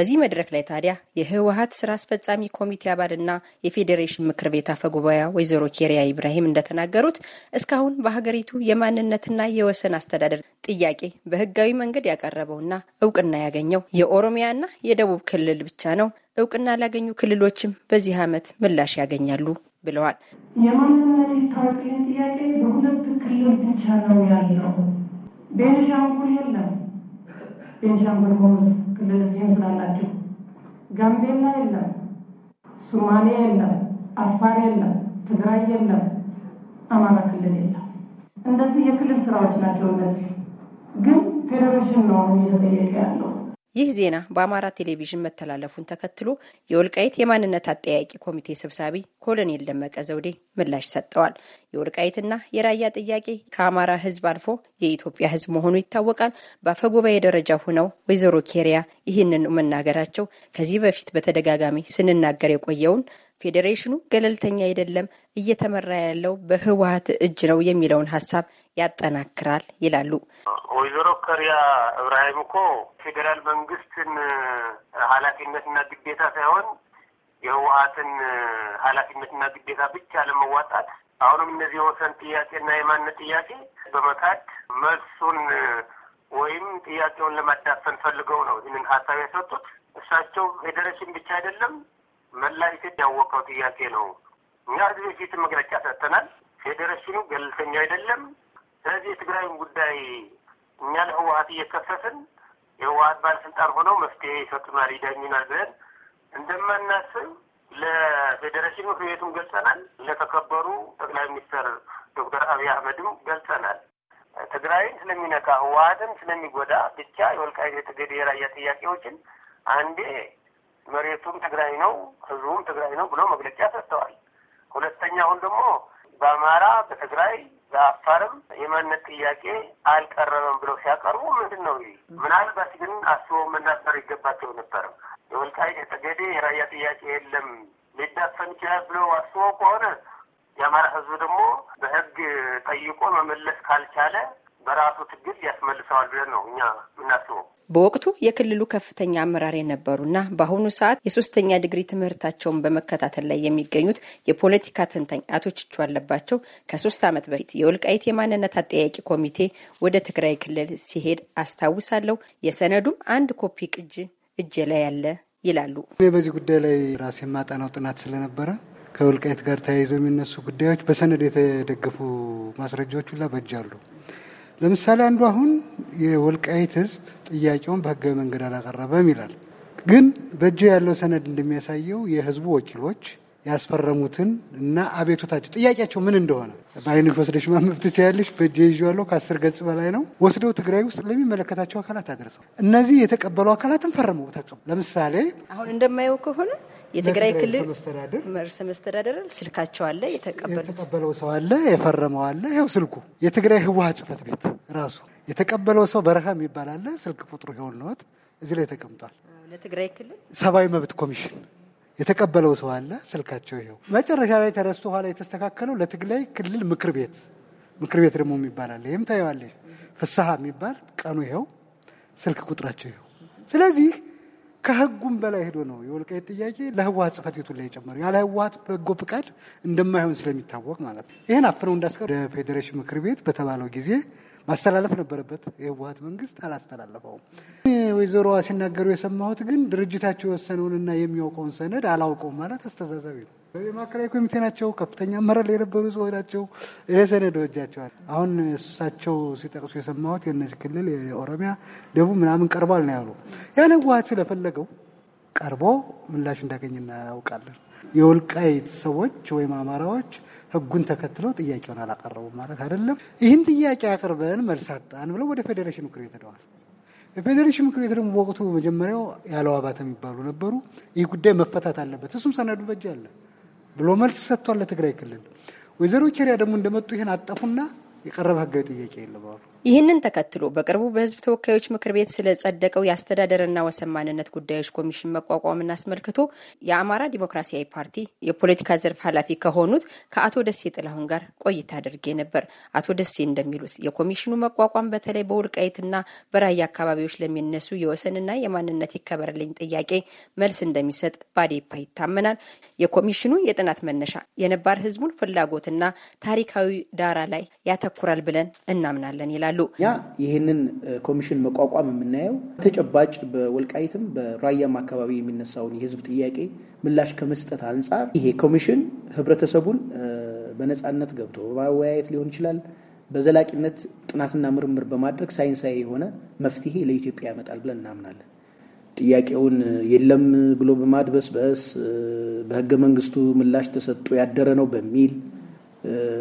በዚህ መድረክ ላይ ታዲያ የህወሀት ስራ አስፈጻሚ ኮሚቴ አባልና የፌዴሬሽን ምክር ቤት አፈ ጉባኤ ወይዘሮ ኬሪያ ኢብራሂም እንደተናገሩት እስካሁን በሀገሪቱ የማንነትና የወሰን አስተዳደር ጥያቄ በህጋዊ መንገድ ያቀረበውና እውቅና ያገኘው የኦሮሚያና የደቡብ ክልል ብቻ ነው። እውቅና ላገኙ ክልሎችም በዚህ ዓመት ምላሽ ያገኛሉ ብለዋል። የማንነት ይታወቅ ጥያቄ በሁለት ክልል ብቻ ነው ያለው። ቤንሻንጉል የለም። ቤንሻንጉል ጉሙዝ ክልል እዚህም ስላላችሁ ጋምቤላ የለም፣ ሶማሌ የለም፣ አፋር የለም፣ ትግራይ የለም፣ አማራ ክልል የለም። እንደዚህ የክልል ስራዎች ናቸው። እነዚህ ግን ፌዴሬሽን ነው አሁን እየተጠየቀ ያለው ይህ ዜና በአማራ ቴሌቪዥን መተላለፉን ተከትሎ የወልቃይት የማንነት አጠያቂ ኮሚቴ ሰብሳቢ ኮሎኔል ደመቀ ዘውዴ ምላሽ ሰጥተዋል። የወልቃይትና የራያ ጥያቄ ከአማራ ሕዝብ አልፎ የኢትዮጵያ ሕዝብ መሆኑ ይታወቃል። በአፈጉባኤ ደረጃ ሆነው ወይዘሮ ኬሪያ ይህንን መናገራቸው ከዚህ በፊት በተደጋጋሚ ስንናገር የቆየውን ፌዴሬሽኑ ገለልተኛ አይደለም፣ እየተመራ ያለው በህወሀት እጅ ነው የሚለውን ሀሳብ ያጠናክራል ይላሉ። ወይዘሮ ከሪያ እብራሂም እኮ ፌዴራል መንግስትን ኃላፊነትና ግዴታ ሳይሆን የህወሀትን ኃላፊነትና ግዴታ ብቻ ለመዋጣት አሁንም እነዚህ የወሰን ጥያቄና የማንነት ጥያቄ በመካድ መልሱን ወይም ጥያቄውን ለማዳፈን ፈልገው ነው ይህንን ሀሳብ ያሰጡት። እሳቸው ፌዴሬሽን ብቻ አይደለም መላ ኢትዮጵያ ያወቀው ጥያቄ ነው። እኛ ጊዜ ፊት መግለጫ ሰጥተናል። ፌዴሬሽኑ ገለልተኛ አይደለም፣ ስለዚህ የትግራይን ጉዳይ እኛን ህወሀት እየከፈትን የህወሀት ባለስልጣን ሆነው መፍትሄ ይሰጡናል፣ ይዳኙናል ብለን እንደማናስብ ለፌዴሬሽን ምክር ቤቱም ገልጸናል። ለተከበሩ ጠቅላይ ሚኒስትር ዶክተር አብይ አህመድም ገልጸናል። ትግራይን ስለሚነካ ህወሀትን ስለሚጎዳ ብቻ የወልቃይት ጠገዴ ጥያቄዎችን አንዴ መሬቱም ትግራይ ነው ህዝቡም ትግራይ ነው ብሎ መግለጫ ሰጥተዋል። ሁለተኛውን ደግሞ በአማራ በትግራይ ለአፋርም የማንነት ጥያቄ አልቀረበም ብለው ሲያቀርቡ ምንድን ነው ምናልባት ግን አስቦ መናበር ይገባቸው ነበርም። የወልቃይት የጠገዴ የራያ ጥያቄ የለም ሊዳፈን ይችላል ብሎ አስቦ ከሆነ የአማራ ህዝብ ደግሞ በህግ ጠይቆ መመለስ ካልቻለ በራሱ ትግል ያስመልሰዋል ብለን ነው እኛ የምናስበው። በወቅቱ የክልሉ ከፍተኛ አመራር የነበሩና በአሁኑ ሰዓት የሶስተኛ ዲግሪ ትምህርታቸውን በመከታተል ላይ የሚገኙት የፖለቲካ ተንታኝ አቶ ችቹ አለባቸው ከሶስት ዓመት በፊት የወልቃይት የማንነት አጠያቂ ኮሚቴ ወደ ትግራይ ክልል ሲሄድ አስታውሳለሁ። የሰነዱም አንድ ኮፒ ቅጅ እጄ ላይ ያለ ይላሉ። እኔ በዚህ ጉዳይ ላይ ራሴ የማጠናው ጥናት ስለነበረ ከወልቃይት ጋር ተያይዘው የሚነሱ ጉዳዮች በሰነድ የተደገፉ ማስረጃዎች ሁላ በእጅ አሉ። ለምሳሌ አንዱ አሁን የወልቃይት ህዝብ ጥያቄውን በህገ መንገድ አላቀረበም ይላል። ግን በእጅ ያለው ሰነድ እንደሚያሳየው የህዝቡ ወኪሎች ያስፈረሙትን እና አቤቱታቸው ጥያቄያቸው ምን እንደሆነ በአይንሽ ወስደሽ ማንበብ ትችያለሽ። በእጅ ይዤዋለሁ። ከአስር ገጽ በላይ ነው። ወስደው ትግራይ ውስጥ ለሚመለከታቸው አካላት አደረሰው። እነዚህ የተቀበሉ አካላትን ፈርመው ተቀበሉ። ለምሳሌ አሁን እንደማየው ከሆነ የትግራይ ክልል መርሰ መስተዳደር ስልካቸው አለ፣ የተቀበለው ሰው አለ፣ የፈረመው አለ። ይኸው ስልኩ የትግራይ ህወሀት ጽህፈት ቤት ራሱ የተቀበለው ሰው በረሃ የሚባል አለ። ስልክ ቁጥሩ ይኸውልህ ነው፣ እዚህ ላይ ተቀምጧል። ለትግራይ ክልል ሰብአዊ መብት ኮሚሽን የተቀበለው ሰው አለ፣ ስልካቸው ይኸው። መጨረሻ ላይ ተረስቶ ኋላ የተስተካከለው ለትግራይ ክልል ምክር ቤት ምክር ቤት ደግሞ የሚባል አለ። ይህም ታየዋለ ፍስሀ የሚባል ቀኑ ይኸው፣ ስልክ ቁጥራቸው ይኸው። ስለዚህ ከህጉም በላይ ሄዶ ነው የወልቃይት ጥያቄ ለህወሀት ጽህፈት ቤቱ ላይ የጨመሩ ያለ ህወሀት በጎ ፍቃድ እንደማይሆን ስለሚታወቅ ማለት ነው። ይህን አፍነው እንዳስቀሩ ለፌዴሬሽን ምክር ቤት በተባለው ጊዜ ማስተላለፍ ነበረበት። የህወሀት መንግስት አላስተላለፈውም። ወይዘሮዋ ሲናገሩ የሰማሁት ግን ድርጅታቸው የወሰነውንና የሚያውቀውን ሰነድ አላውቀውም ማለት አስተዛዛቢ ነው። የማዕከላዊ ኮሚቴ ናቸው፣ ከፍተኛ አመራር የነበሩ ሰዎች ናቸው። ይህ ሰነድ ወጃቸዋል። አሁን እሳቸው ሲጠቅሱ የሰማሁት የእነዚህ ክልል የኦሮሚያ፣ ደቡብ ምናምን ቀርቧል ነው ያሉ። ያን ስለፈለገው ቀርቦ ምላሽ እንዳገኝ እናያውቃለን። የወልቃይት ሰዎች ወይም አማራዎች ህጉን ተከትለው ጥያቄውን አላቀረቡም ማለት አይደለም። ይህን ጥያቄ አቅርበን አጣን ብለው ወደ ፌዴሬሽን ምክር ቤት ሄደዋል። የፌዴሬሽን ምክር ቤት ደግሞ በወቅቱ መጀመሪያው ያለው የሚባሉ ነበሩ። ይህ ጉዳይ መፈታት አለበት፣ እሱም ሰነዱ በእጅ አለ ብሎ መልስ ሰጥቷል ለትግራይ ክልል። ወይዘሮ ኬሪያ ደግሞ እንደመጡ ይህን አጠፉና የቀረበ ህጋዊ ጥያቄ የለም። ይህንን ተከትሎ በቅርቡ በህዝብ ተወካዮች ምክር ቤት ስለጸደቀው የአስተዳደርና ወሰን ማንነት ጉዳዮች ኮሚሽን መቋቋምን አስመልክቶ የአማራ ዲሞክራሲያዊ ፓርቲ የፖለቲካ ዘርፍ ኃላፊ ከሆኑት ከአቶ ደሴ ጥላሁን ጋር ቆይታ አድርጌ ነበር። አቶ ደሴ እንደሚሉት የኮሚሽኑ መቋቋም በተለይ በውልቃይትና በራያ አካባቢዎች ለሚነሱ የወሰንና የማንነት ይከበርልኝ ጥያቄ መልስ እንደሚሰጥ ባዴፓ ይታመናል። የኮሚሽኑ የጥናት መነሻ የነባር ህዝቡን ፍላጎትና ታሪካዊ ዳራ ላይ ያተ ያተኩራል ብለን እናምናለን ይላሉ። እኛ ይህንን ኮሚሽን መቋቋም የምናየው ተጨባጭ በወልቃይትም በራያም አካባቢ የሚነሳውን የህዝብ ጥያቄ ምላሽ ከመስጠት አንጻር ይሄ ኮሚሽን ህብረተሰቡን በነፃነት ገብቶ በማወያየት ሊሆን ይችላል በዘላቂነት ጥናትና ምርምር በማድረግ ሳይንሳዊ የሆነ መፍትሄ ለኢትዮጵያ ያመጣል ብለን እናምናለን። ጥያቄውን የለም ብሎ በማድበስበስ በህገ መንግስቱ ምላሽ ተሰጥቶ ያደረ ነው በሚል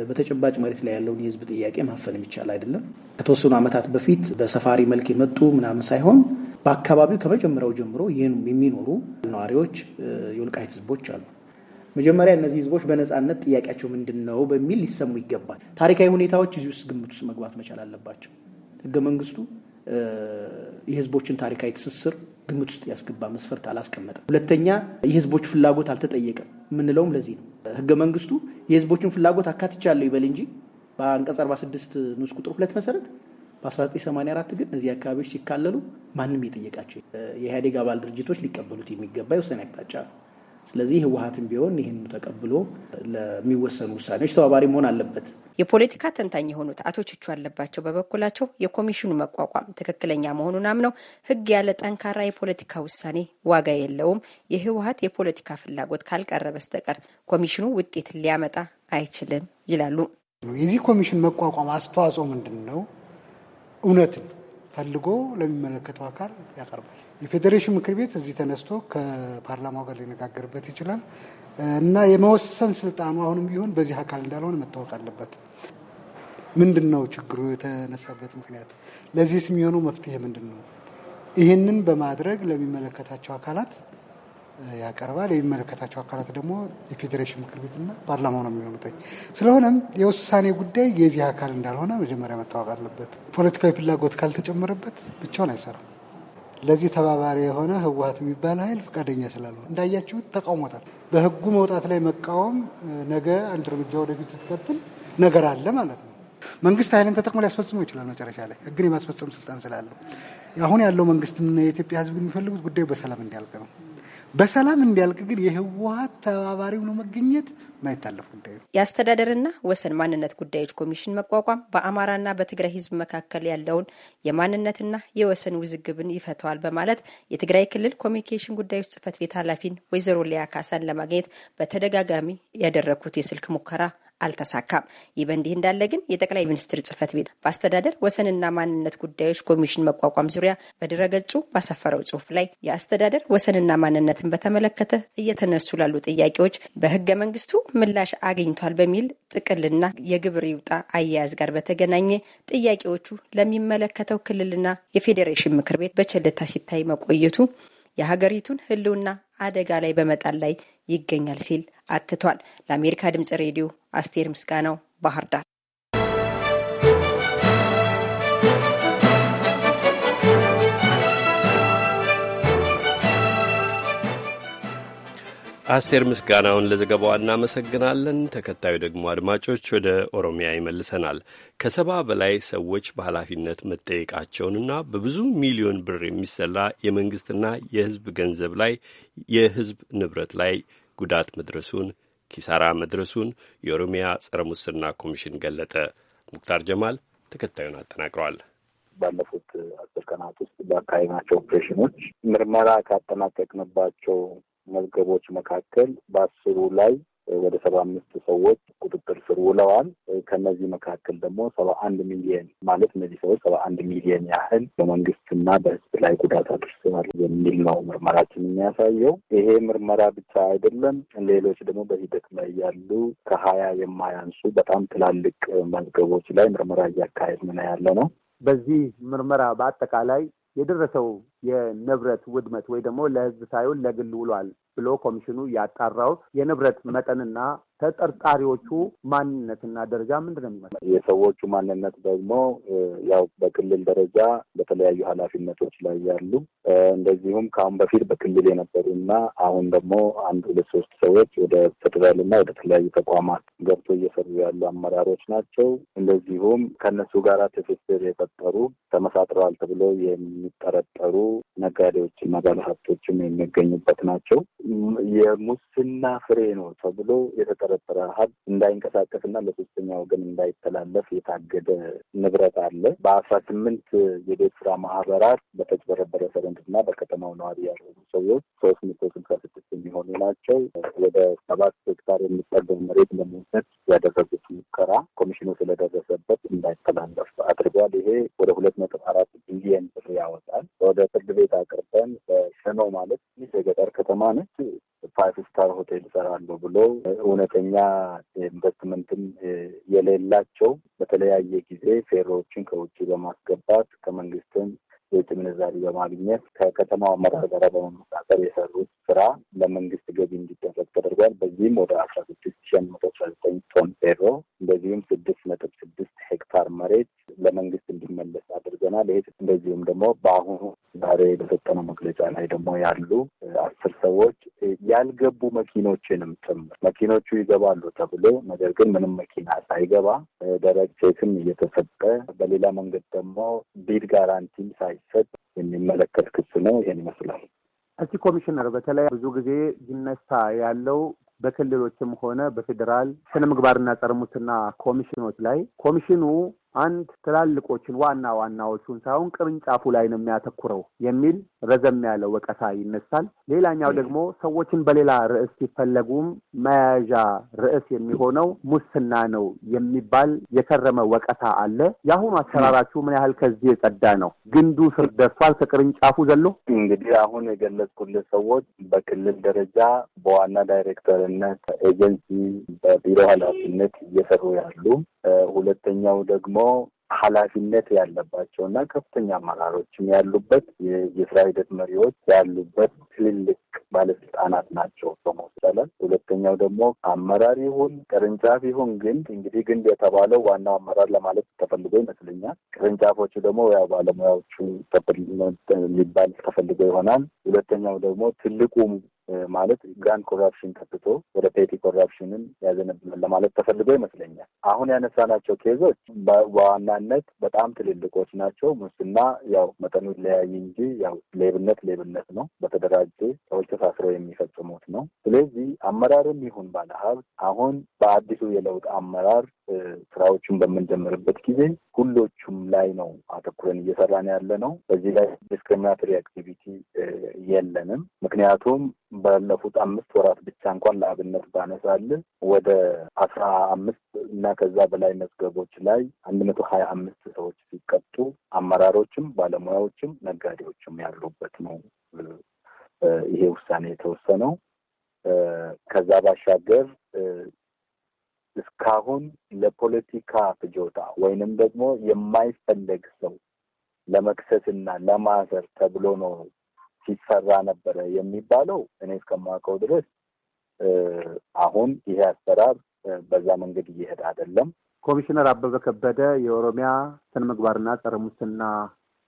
በተጨባጭ መሬት ላይ ያለውን የህዝብ ጥያቄ ማፈን የሚቻል አይደለም። ከተወሰኑ ዓመታት በፊት በሰፋሪ መልክ የመጡ ምናምን ሳይሆን በአካባቢው ከመጀመሪያው ጀምሮ ይህን የሚኖሩ ነዋሪዎች የወልቃይት ህዝቦች አሉ። መጀመሪያ እነዚህ ህዝቦች በነፃነት ጥያቄያቸው ምንድን ነው በሚል ሊሰሙ ይገባል። ታሪካዊ ሁኔታዎች እዚህ ውስጥ ግምት ውስጥ መግባት መቻል አለባቸው። ህገ መንግስቱ የህዝቦችን ታሪካዊ ትስስር ግምት ውስጥ ያስገባ መስፈርት አላስቀመጠም። ሁለተኛ የህዝቦች ፍላጎት አልተጠየቀም። የምንለውም ለዚህ ነው። ህገ መንግስቱ የህዝቦችን ፍላጎት አካትቻለሁ ይበል እንጂ በአንቀጽ 46 ንዑስ ቁጥር ሁለት መሰረት በ1984 ግን እነዚህ አካባቢዎች ሲካለሉ ማንም የጠየቃቸው የኢህአዴግ አባል ድርጅቶች ሊቀበሉት የሚገባ የውሳኔ አቅጣጫ ነው። ስለዚህ ህወሀትም ቢሆን ይህን ተቀብሎ ለሚወሰኑ ውሳኔዎች ተባባሪ መሆን አለበት። የፖለቲካ ተንታኝ የሆኑት አቶ ችቹ አለባቸው በበኩላቸው የኮሚሽኑ መቋቋም ትክክለኛ መሆኑን አምነው ህግ ያለ ጠንካራ የፖለቲካ ውሳኔ ዋጋ የለውም፣ የህወሀት የፖለቲካ ፍላጎት ካልቀረ በስተቀር ኮሚሽኑ ውጤት ሊያመጣ አይችልም ይላሉ። የዚህ ኮሚሽን መቋቋም አስተዋጽኦ ምንድን ነው? እውነትን ፈልጎ ለሚመለከተው አካል ያቀርባል። የፌዴሬሽን ምክር ቤት እዚህ ተነስቶ ከፓርላማው ጋር ሊነጋገርበት ይችላል እና የመወሰን ስልጣኑ አሁንም ቢሆን በዚህ አካል እንዳልሆነ መታወቅ አለበት። ምንድን ነው ችግሩ የተነሳበት ምክንያት? ለዚህስ የሚሆነው መፍትሄ ምንድን ነው? ይህንን በማድረግ ለሚመለከታቸው አካላት ያቀርባል። የሚመለከታቸው አካላት ደግሞ የፌዴሬሽን ምክር ቤትና ፓርላማው ነው የሚሆኑት። ስለሆነም የውሳኔ ጉዳይ የዚህ አካል እንዳልሆነ መጀመሪያ መታወቅ አለበት። ፖለቲካዊ ፍላጎት ካልተጨመረበት ብቻውን አይሰራም። ለዚህ ተባባሪ የሆነ ህወሀት የሚባል ኃይል ፈቃደኛ ስላልሆነ እንዳያችሁት ተቃውሞታል። በህጉ መውጣት ላይ መቃወም ነገ አንድ እርምጃ ወደፊት ስትቀጥል ነገር አለ ማለት ነው። መንግስት ኃይልን ተጠቅሞ ሊያስፈጽመው ይችላል። መጨረሻ ላይ ህግን የማስፈጸም ስልጣን ስላለው አሁን ያለው መንግስትና የኢትዮጵያ ህዝብ የሚፈልጉት ጉዳዩ በሰላም እንዲያልቅ ነው። በሰላም እንዲያልቅ ግን የህወሀት ተባባሪው ነው መገኘት ማይታለፍ ጉዳይ ነው። የአስተዳደርና ወሰን ማንነት ጉዳዮች ኮሚሽን መቋቋም በአማራና በትግራይ ህዝብ መካከል ያለውን የማንነትና የወሰን ውዝግብን ይፈተዋል በማለት የትግራይ ክልል ኮሚኒኬሽን ጉዳዮች ጽህፈት ቤት ኃላፊን ወይዘሮ ሊያ ካሳን ለማግኘት በተደጋጋሚ ያደረግኩት የስልክ ሙከራ አልተሳካም። ይህ በእንዲህ እንዳለ ግን የጠቅላይ ሚኒስትር ጽህፈት ቤት በአስተዳደር ወሰንና ማንነት ጉዳዮች ኮሚሽን መቋቋም ዙሪያ በድረገጹ ባሰፈረው ጽሁፍ ላይ የአስተዳደር ወሰንና ማንነትን በተመለከተ እየተነሱ ላሉ ጥያቄዎች በህገ መንግስቱ ምላሽ አግኝቷል በሚል ጥቅልና የግብር ይውጣ አያያዝ ጋር በተገናኘ ጥያቄዎቹ ለሚመለከተው ክልልና የፌዴሬሽን ምክር ቤት በቸልታ ሲታይ መቆየቱ የሀገሪቱን ህልውና አደጋ ላይ በመጣል ላይ ይገኛል ሲል አትቷል። ለአሜሪካ ድምጽ ሬዲዮ አስቴር ምስጋናው ባህር ዳር አስቴር ምስጋናውን ለዘገባዋ እናመሰግናለን። ተከታዩ ደግሞ አድማጮች ወደ ኦሮሚያ ይመልሰናል። ከሰባ በላይ ሰዎች በኃላፊነት መጠየቃቸውንና በብዙ ሚሊዮን ብር የሚሰላ የመንግስትና የህዝብ ገንዘብ ላይ የህዝብ ንብረት ላይ ጉዳት መድረሱን ኪሳራ መድረሱን የኦሮሚያ ጸረ ሙስና ኮሚሽን ገለጠ። ሙክታር ጀማል ተከታዩን አጠናቅሯል። ባለፉት አስር ቀናት ውስጥ በአካባቢ ናቸው ኦፕሬሽኖች ምርመራ ካጠናቀቅንባቸው መዝገቦች መካከል በአስሩ ላይ ወደ ሰባ አምስት ሰዎች ቁጥጥር ስር ውለዋል። ከነዚህ መካከል ደግሞ ሰባ አንድ ሚሊየን ማለት እነዚህ ሰዎች ሰባ አንድ ሚሊየን ያህል በመንግስትና በህዝብ ላይ ጉዳት አድርሰዋል የሚል ነው ምርመራችን የሚያሳየው። ይሄ ምርመራ ብቻ አይደለም፣ ሌሎች ደግሞ በሂደት ላይ ያሉ ከሀያ የማያንሱ በጣም ትላልቅ መዝገቦች ላይ ምርመራ እያካሄድ ምን ያለ ነው። በዚህ ምርመራ በአጠቃላይ የደረሰው የንብረት ውድመት ወይ ደግሞ ለህዝብ ሳይሆን ለግል ውሏል ብሎ ኮሚሽኑ ያጣራው የንብረት መጠንና ተጠርጣሪዎቹ ማንነትና ደረጃ ምንድን ነው የሚመስለው? የሰዎቹ ማንነት ደግሞ ያው በክልል ደረጃ በተለያዩ ኃላፊነቶች ላይ ያሉ እንደዚሁም ከአሁን በፊት በክልል እና አሁን ደግሞ አንድ ሁለት ሶስት ሰዎች ወደ ፌዴራልና ወደ ተለያዩ ተቋማት ገብቶ እየሰሩ ያሉ አመራሮች ናቸው። እንደዚሁም ከእነሱ ጋር ትስስር የፈጠሩ ተመሳጥረዋል ተብሎ የሚጠረጠሩ ነጋዴዎችና ባለሀብቶችም የሚገኙበት ናቸው። የሙስና ፍሬ ነው ተብሎ የተጠ የተጠረጠረ ሀብት እንዳይንቀሳቀስና ለሶስተኛ ወገን እንዳይተላለፍ የታገደ ንብረት አለ። በአስራ ስምንት የቤት ስራ ማህበራት በተጭበረበረ ሰነድና በከተማው ነዋሪ ያልሆኑ ሰዎች ሶስት መቶ ስልሳ ስድስት የሚሆኑ ናቸው ወደ ሰባት ሄክታር የሚጠገብ መሬት ለመውሰድ ያደረጉት ሙከራ ኮሚሽኑ ስለደረሰበት እንዳይተላለፍ አድርጓል። ይሄ ወደ ሁለት ነጥብ አራት ቢሊየን ብር ያወጣል። ወደ ፍርድ ቤት አቅርበን በሸኖ ማለት ይህ የገጠር ከተማ ነች። ፋይቭ ስታር ሆቴል እሰራለሁ ብሎ እውነተኛ ኢንቨስትመንትም የሌላቸው በተለያየ ጊዜ ፌሮዎችን ከውጭ በማስገባት ከመንግስትም የውጭ ምንዛሪ በማግኘት ከከተማው አመራር ጋር በመመሳሰር የሰሩት ስራ ለመንግስት ገቢ እንዲደረግ ተደርጓል። በዚህም ወደ አስራ ስድስት ሺ አንድ መቶ አስራ ዘጠኝ ቶን ፌሮ እንደዚሁም ስድስት ነጥብ ስድስት ሄክታር መሬት ለመንግስት እንዲመለስ አድርገናል። ይህ እንደዚሁም ደግሞ በአሁኑ ዛሬ በሰጠነው መግለጫ ላይ ደግሞ ያሉ አስር ሰዎች ያልገቡ መኪኖችንም ጭምር መኪኖቹ ይገባሉ ተብሎ ነገር ግን ምንም መኪና ሳይገባ ደረቅ ቼክም እየተሰጠ በሌላ መንገድ ደግሞ ቢድ ጋራንቲ ሳይሰጥ የሚመለከት ክስ ነው። ይሄን ይመስላል። እስቲ ኮሚሽነር፣ በተለይ ብዙ ጊዜ ይነሳ ያለው በክልሎችም ሆነ በፌዴራል ስነ ምግባርና ጸረ ሙስና ኮሚሽኖች ላይ ኮሚሽኑ አንድ ትላልቆችን ዋና ዋናዎቹን ሳይሆን ቅርንጫፉ ላይ ነው የሚያተኩረው የሚል ረዘም ያለ ወቀሳ ይነሳል። ሌላኛው ደግሞ ሰዎችን በሌላ ርዕስ ሲፈለጉም መያዣ ርዕስ የሚሆነው ሙስና ነው የሚባል የከረመ ወቀሳ አለ። የአሁኑ አሰራራችሁ ምን ያህል ከዚህ የጸዳ ነው? ግንዱ ስር ደርሷል ከቅርንጫፉ ዘሎ። እንግዲህ አሁን የገለጽኩልህ ሰዎች በክልል ደረጃ በዋና ዳይሬክተርነት ኤጀንሲ በቢሮ ኃላፊነት እየሰሩ ያሉ ሁለተኛው ደግሞ ኃላፊነት ያለባቸው እና ከፍተኛ አመራሮችም ያሉበት የስራ ሂደት መሪዎች ያሉበት ትልልቅ ባለስልጣናት ናቸው በመሆን ሁለተኛው ደግሞ አመራር ይሁን ቅርንጫፍ ይሁን ግን እንግዲህ ግን የተባለው ዋናው አመራር ለማለት ተፈልጎ ይመስለኛል። ቅርንጫፎቹ ደግሞ ያው ባለሙያዎቹ ሊባል ተፈልጎ ይሆናል። ሁለተኛው ደግሞ ትልቁ ማለት ግራንድ ኮራፕሽን ከትቶ ወደ ፔቲ ኮራፕሽንን ያዘነብላል ለማለት ተፈልጎ ይመስለኛል። አሁን ያነሳናቸው ኬዞች በዋናነት በጣም ትልልቆች ናቸው። ሙስና ያው መጠኑ ይለያይ እንጂ ያው ሌብነት ሌብነት ነው። በተደራጀ ሰዎች ተሳስረው የሚፈጽሙት ነው። ስለዚህ አመራርም ይሁን ባለሀብት አሁን በአዲሱ የለውጥ አመራር ስራዎቹን በምንጀምርበት ጊዜ ሁሎቹም ላይ ነው አተኩረን እየሰራን ያለ ነው። በዚህ ላይ ዲስክሪሚናቶሪ አክቲቪቲ የለንም። ምክንያቱም ባለፉት አምስት ወራት ብቻ እንኳን ለአብነት ባነሳል ወደ አስራ አምስት እና ከዛ በላይ መዝገቦች ላይ አንድ መቶ ሀያ አምስት ሰዎች ሲቀጡ አመራሮችም ባለሙያዎችም ነጋዴዎችም ያሉበት ነው ይሄ ውሳኔ የተወሰነው። ከዛ ባሻገር እስካሁን ለፖለቲካ ፍጆታ ወይንም ደግሞ የማይፈለግ ሰው እና ለማሰር ተብሎ ነው ሲሰራ ነበረ የሚባለው እኔ እስከማውቀው ድረስ አሁን ይሄ አሰራር በዛ መንገድ እየሄደ አይደለም። ኮሚሽነር አበበ ከበደ የኦሮሚያ ስነ ምግባርና ጸረ ሙስና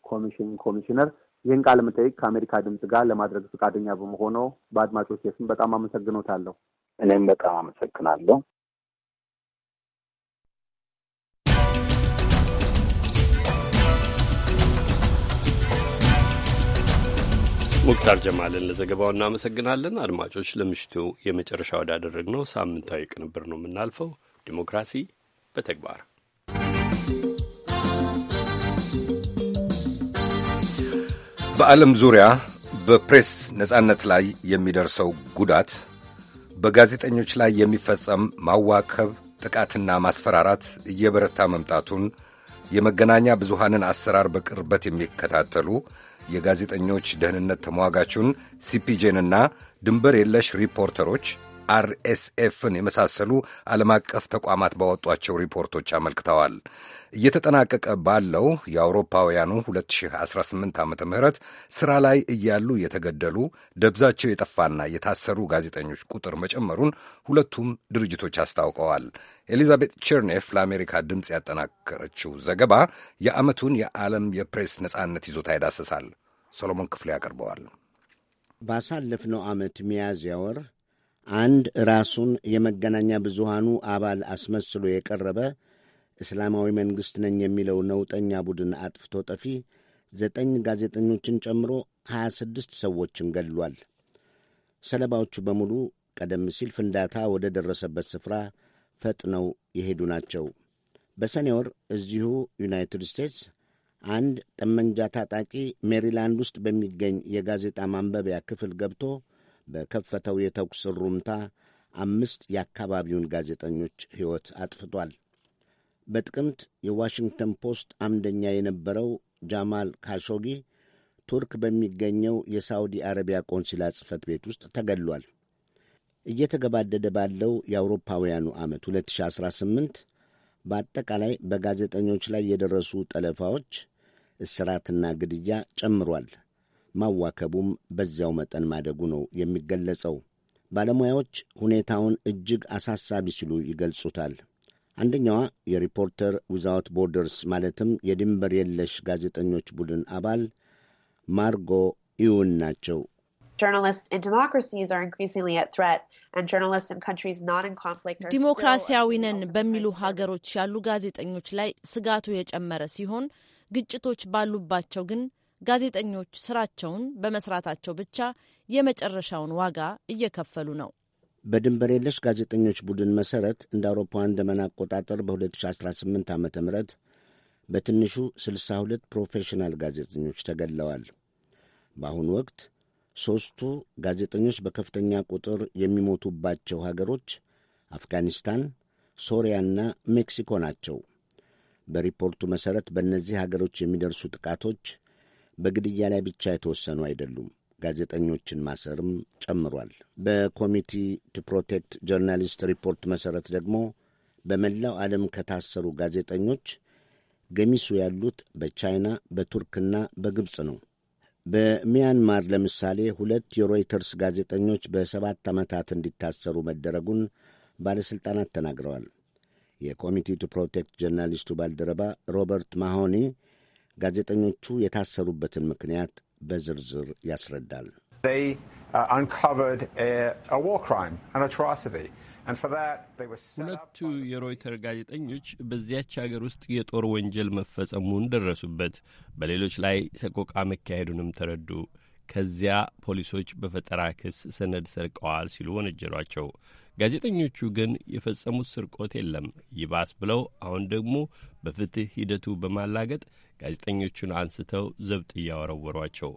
ኮሚሽን ኮሚሽነር ይህን ቃለ መጠይቅ ከአሜሪካ ድምፅ ጋር ለማድረግ ፈቃደኛ በመሆኑ በአድማጮች ስም በጣም አመሰግኖታለሁ። እኔም በጣም አመሰግናለሁ። ሙክታር ጀማልን ለዘገባው እናመሰግናለን። አድማጮች፣ ለምሽቱ የመጨረሻ ወዳደረግነው ሳምንታዊ ቅንብር ነው የምናልፈው። ዲሞክራሲ በተግባር በዓለም ዙሪያ በፕሬስ ነጻነት ላይ የሚደርሰው ጉዳት፣ በጋዜጠኞች ላይ የሚፈጸም ማዋከብ፣ ጥቃትና ማስፈራራት እየበረታ መምጣቱን የመገናኛ ብዙሃንን አሰራር በቅርበት የሚከታተሉ የጋዜጠኞች ደህንነት ተሟጋቹን ሲፒጄንና ድንበር የለሽ ሪፖርተሮች አርኤስኤፍን የመሳሰሉ ዓለም አቀፍ ተቋማት ባወጧቸው ሪፖርቶች አመልክተዋል። እየተጠናቀቀ ባለው የአውሮፓውያኑ 2018 ዓ ም ሥራ ላይ እያሉ የተገደሉ ደብዛቸው የጠፋና የታሰሩ ጋዜጠኞች ቁጥር መጨመሩን ሁለቱም ድርጅቶች አስታውቀዋል። ኤሊዛቤት ቸርኔፍ ለአሜሪካ ድምፅ ያጠናከረችው ዘገባ የዓመቱን የዓለም የፕሬስ ነጻነት ይዞታ ይዳሰሳል። ሰሎሞን ክፍሌ ያቀርበዋል። ባሳለፍነው ዓመት ሚያዝያ ወር አንድ ራሱን የመገናኛ ብዙሃኑ አባል አስመስሎ የቀረበ እስላማዊ መንግሥት ነኝ የሚለው ነውጠኛ ቡድን አጥፍቶ ጠፊ ዘጠኝ ጋዜጠኞችን ጨምሮ 26 ሰዎችን ገድሏል። ሰለባዎቹ በሙሉ ቀደም ሲል ፍንዳታ ወደ ደረሰበት ስፍራ ፈጥነው የሄዱ ናቸው። በሰኔ ወር እዚሁ ዩናይትድ ስቴትስ አንድ ጠመንጃ ታጣቂ ሜሪላንድ ውስጥ በሚገኝ የጋዜጣ ማንበቢያ ክፍል ገብቶ በከፈተው የተኩስ ሩምታ አምስት የአካባቢውን ጋዜጠኞች ሕይወት አጥፍቷል። በጥቅምት የዋሽንግተን ፖስት አምደኛ የነበረው ጃማል ካሾጊ ቱርክ በሚገኘው የሳውዲ አረቢያ ቆንሲላ ጽፈት ቤት ውስጥ ተገድሏል። እየተገባደደ ባለው የአውሮፓውያኑ ዓመት 2018 በአጠቃላይ በጋዜጠኞች ላይ የደረሱ ጠለፋዎች፣ እስራትና ግድያ ጨምሯል። ማዋከቡም በዚያው መጠን ማደጉ ነው የሚገለጸው። ባለሙያዎች ሁኔታውን እጅግ አሳሳቢ ሲሉ ይገልጹታል። አንደኛዋ የሪፖርተር ዊዛውት ቦርደርስ ማለትም የድንበር የለሽ ጋዜጠኞች ቡድን አባል ማርጎ ኢውን ናቸው። ዲሞክራሲያዊ ነን በሚሉ ሀገሮች ያሉ ጋዜጠኞች ላይ ስጋቱ የጨመረ ሲሆን ግጭቶች ባሉባቸው ግን ጋዜጠኞች ስራቸውን በመስራታቸው ብቻ የመጨረሻውን ዋጋ እየከፈሉ ነው። በድንበር የለሽ ጋዜጠኞች ቡድን መሠረት እንደ አውሮፓውያን ዘመን አቆጣጠር በ2018 ዓ ም በትንሹ 62 ፕሮፌሽናል ጋዜጠኞች ተገድለዋል። በአሁኑ ወቅት ሦስቱ ጋዜጠኞች በከፍተኛ ቁጥር የሚሞቱባቸው ሀገሮች አፍጋኒስታን፣ ሶሪያና ሜክሲኮ ናቸው። በሪፖርቱ መሠረት በእነዚህ ሀገሮች የሚደርሱ ጥቃቶች በግድያ ላይ ብቻ የተወሰኑ አይደሉም። ጋዜጠኞችን ማሰርም ጨምሯል። በኮሚቲ ቱ ፕሮቴክት ጆርናሊስት ሪፖርት መሠረት ደግሞ በመላው ዓለም ከታሰሩ ጋዜጠኞች ገሚሱ ያሉት በቻይና በቱርክና በግብፅ ነው። በሚያንማር ለምሳሌ ሁለት የሮይተርስ ጋዜጠኞች በሰባት ዓመታት እንዲታሰሩ መደረጉን ባለሥልጣናት ተናግረዋል። የኮሚቲ ቱ ፕሮቴክት ጀርናሊስቱ ባልደረባ ሮበርት ማሆኒ ጋዜጠኞቹ የታሰሩበትን ምክንያት በዝርዝር ያስረዳል። uh, ሁለቱ የሮይተር ጋዜጠኞች በዚያች አገር ውስጥ የጦር ወንጀል መፈጸሙን ደረሱበት። በሌሎች ላይ ሰቆቃ መካሄዱንም ተረዱ። ከዚያ ፖሊሶች በፈጠራ ክስ ሰነድ ሰርቀዋል ሲሉ ወነጀሏቸው። ጋዜጠኞቹ ግን የፈጸሙት ስርቆት የለም። ይባስ ብለው አሁን ደግሞ በፍትህ ሂደቱ በማላገጥ ጋዜጠኞቹን አንስተው ዘብጥ እያወረወሯቸው።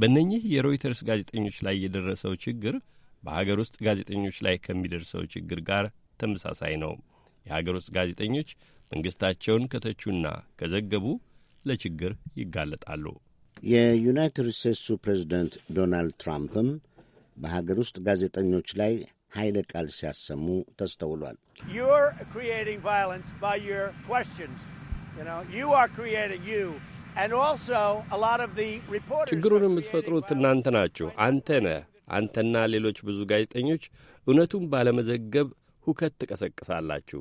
በእነኚህ የሮይተርስ ጋዜጠኞች ላይ የደረሰው ችግር በሀገር ውስጥ ጋዜጠኞች ላይ ከሚደርሰው ችግር ጋር ተመሳሳይ ነው። የሀገር ውስጥ ጋዜጠኞች መንግስታቸውን ከተቹና ከዘገቡ ለችግር ይጋለጣሉ። የዩናይትድ ስቴትሱ ፕሬዚደንት ዶናልድ ትራምፕም በሀገር ውስጥ ጋዜጠኞች ላይ ኃይለ ቃል ሲያሰሙ ተስተውሏል። ችግሩን የምትፈጥሩት እናንተ ናችሁ። አንተ ነህ። አንተና ሌሎች ብዙ ጋዜጠኞች እውነቱን ባለመዘገብ ሁከት ትቀሰቅሳላችሁ።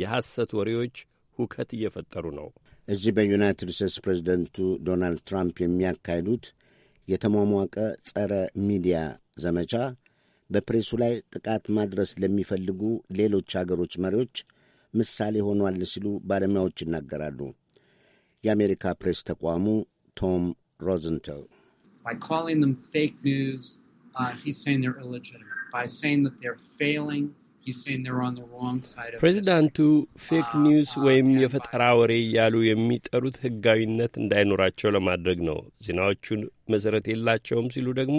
የሐሰት ወሬዎች ሁከት እየፈጠሩ ነው። እዚህ በዩናይትድ ስቴትስ ፕሬዚደንቱ ዶናልድ ትራምፕ የሚያካሂዱት የተሟሟቀ ጸረ ሚዲያ ዘመቻ በፕሬሱ ላይ ጥቃት ማድረስ ለሚፈልጉ ሌሎች አገሮች መሪዎች ምሳሌ ሆኗል ሲሉ ባለሙያዎች ይናገራሉ። የአሜሪካ ፕሬስ ተቋሙ ቶም ሮዘንተል uh, ፕሬዚዳንቱ ፌክ ኒውስ uh, uh, ወይም የፈጠራ ወሬ እያሉ የሚጠሩት ሕጋዊነት እንዳይኖራቸው ለማድረግ ነው። ዜናዎቹን መሠረት የላቸውም ሲሉ ደግሞ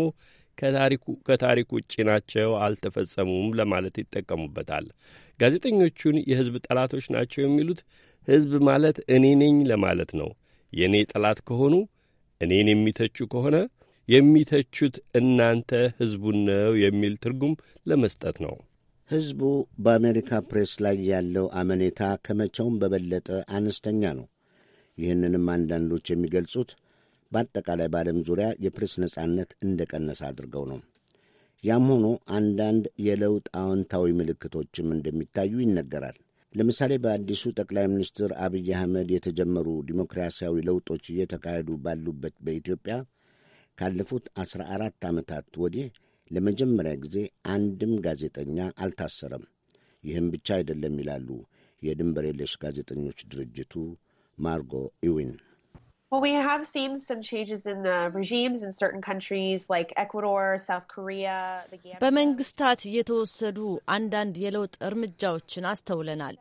ከታሪኩ ውጪ ናቸው፣ አልተፈጸሙም ለማለት ይጠቀሙበታል። ጋዜጠኞቹን የሕዝብ ጠላቶች ናቸው የሚሉት ሕዝብ ማለት እኔ ነኝ ለማለት ነው። የእኔ ጠላት ከሆኑ እኔን የሚተቹ ከሆነ የሚተቹት እናንተ ሕዝቡን ነው የሚል ትርጉም ለመስጠት ነው። ሕዝቡ በአሜሪካ ፕሬስ ላይ ያለው አመኔታ ከመቼውም በበለጠ አነስተኛ ነው። ይህንንም አንዳንዶች የሚገልጹት በአጠቃላይ በዓለም ዙሪያ የፕሬስ ነጻነት ቀነሰ አድርገው ነው። ያም ሆኖ አንዳንድ የለውጥ አዎንታዊ ምልክቶችም እንደሚታዩ ይነገራል። ለምሳሌ በአዲሱ ጠቅላይ ሚኒስትር አብይ አህመድ የተጀመሩ ዲሞክራሲያዊ ለውጦች እየተካሄዱ ባሉበት በኢትዮጵያ ካለፉት አስራ አራት ዓመታት ወዲህ ለመጀመሪያ ጊዜ አንድም ጋዜጠኛ አልታሰረም። ይህም ብቻ አይደለም ይላሉ የድንበር የለሽ ጋዜጠኞች ድርጅቱ ማርጎ ኢዊን Well, we have seen some changes in the regimes in certain countries like Ecuador, South Korea, the Gambia. በመንግስታት የተወሰዱ አንዳንድ የለውጥ እርምጃዎችን አስተውለናል።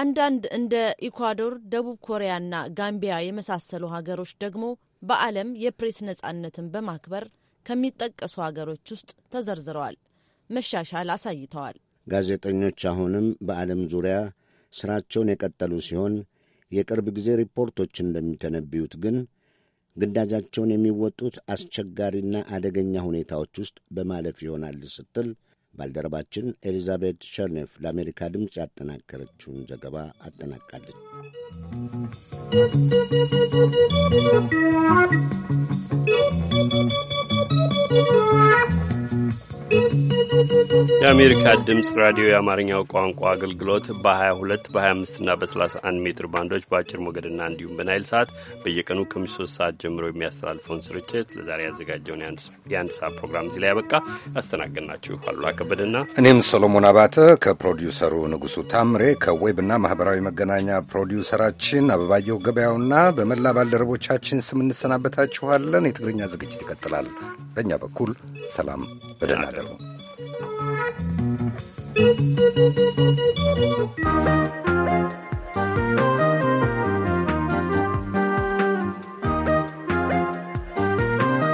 አንዳንድ እንደ ኢኳዶር፣ ደቡብ ኮሪያና ጋምቢያ የመሳሰሉ ሀገሮች ደግሞ በዓለም የፕሬስ ነጻነትን በማክበር ከሚጠቀሱ ሀገሮች ውስጥ ተዘርዝረዋል፣ መሻሻል አሳይተዋል። ጋዜጠኞች አሁንም በዓለም ዙሪያ ስራቸውን የቀጠሉ ሲሆን የቅርብ ጊዜ ሪፖርቶች እንደሚተነብዩት ግን ግዳጃቸውን የሚወጡት አስቸጋሪና አደገኛ ሁኔታዎች ውስጥ በማለፍ ይሆናል ስትል ባልደረባችን ኤሊዛቤት ሸርኔፍ ለአሜሪካ ድምፅ ያጠናከረችውን ዘገባ አጠናቃለች። Thank you. የአሜሪካ ድምፅ ራዲዮ የአማርኛው ቋንቋ አገልግሎት በ22 በ25ና በ31 ሜትር ባንዶች በአጭር ሞገድና እንዲሁም በናይል ሰዓት በየቀኑ ከምሽቱ 3 ሰዓት ጀምሮ የሚያስተላልፈውን ስርጭት ለዛሬ ያዘጋጀውን የአንድ ሰዓት ፕሮግራም እዚህ ላይ ያበቃ። ያስተናገድናችሁ አሉላ ከበደና እኔም ሶሎሞን አባተ ከፕሮዲውሰሩ ንጉሱ ታምሬ ከዌብና ማህበራዊ መገናኛ ፕሮዲውሰራችን አበባየው ገበያውና በመላ ባልደረቦቻችን ስም እንሰናበታችኋለን። የትግርኛ ዝግጅት ይቀጥላል። በእኛ በኩል ሰላም፣ በደህና እደሩ። Thank you.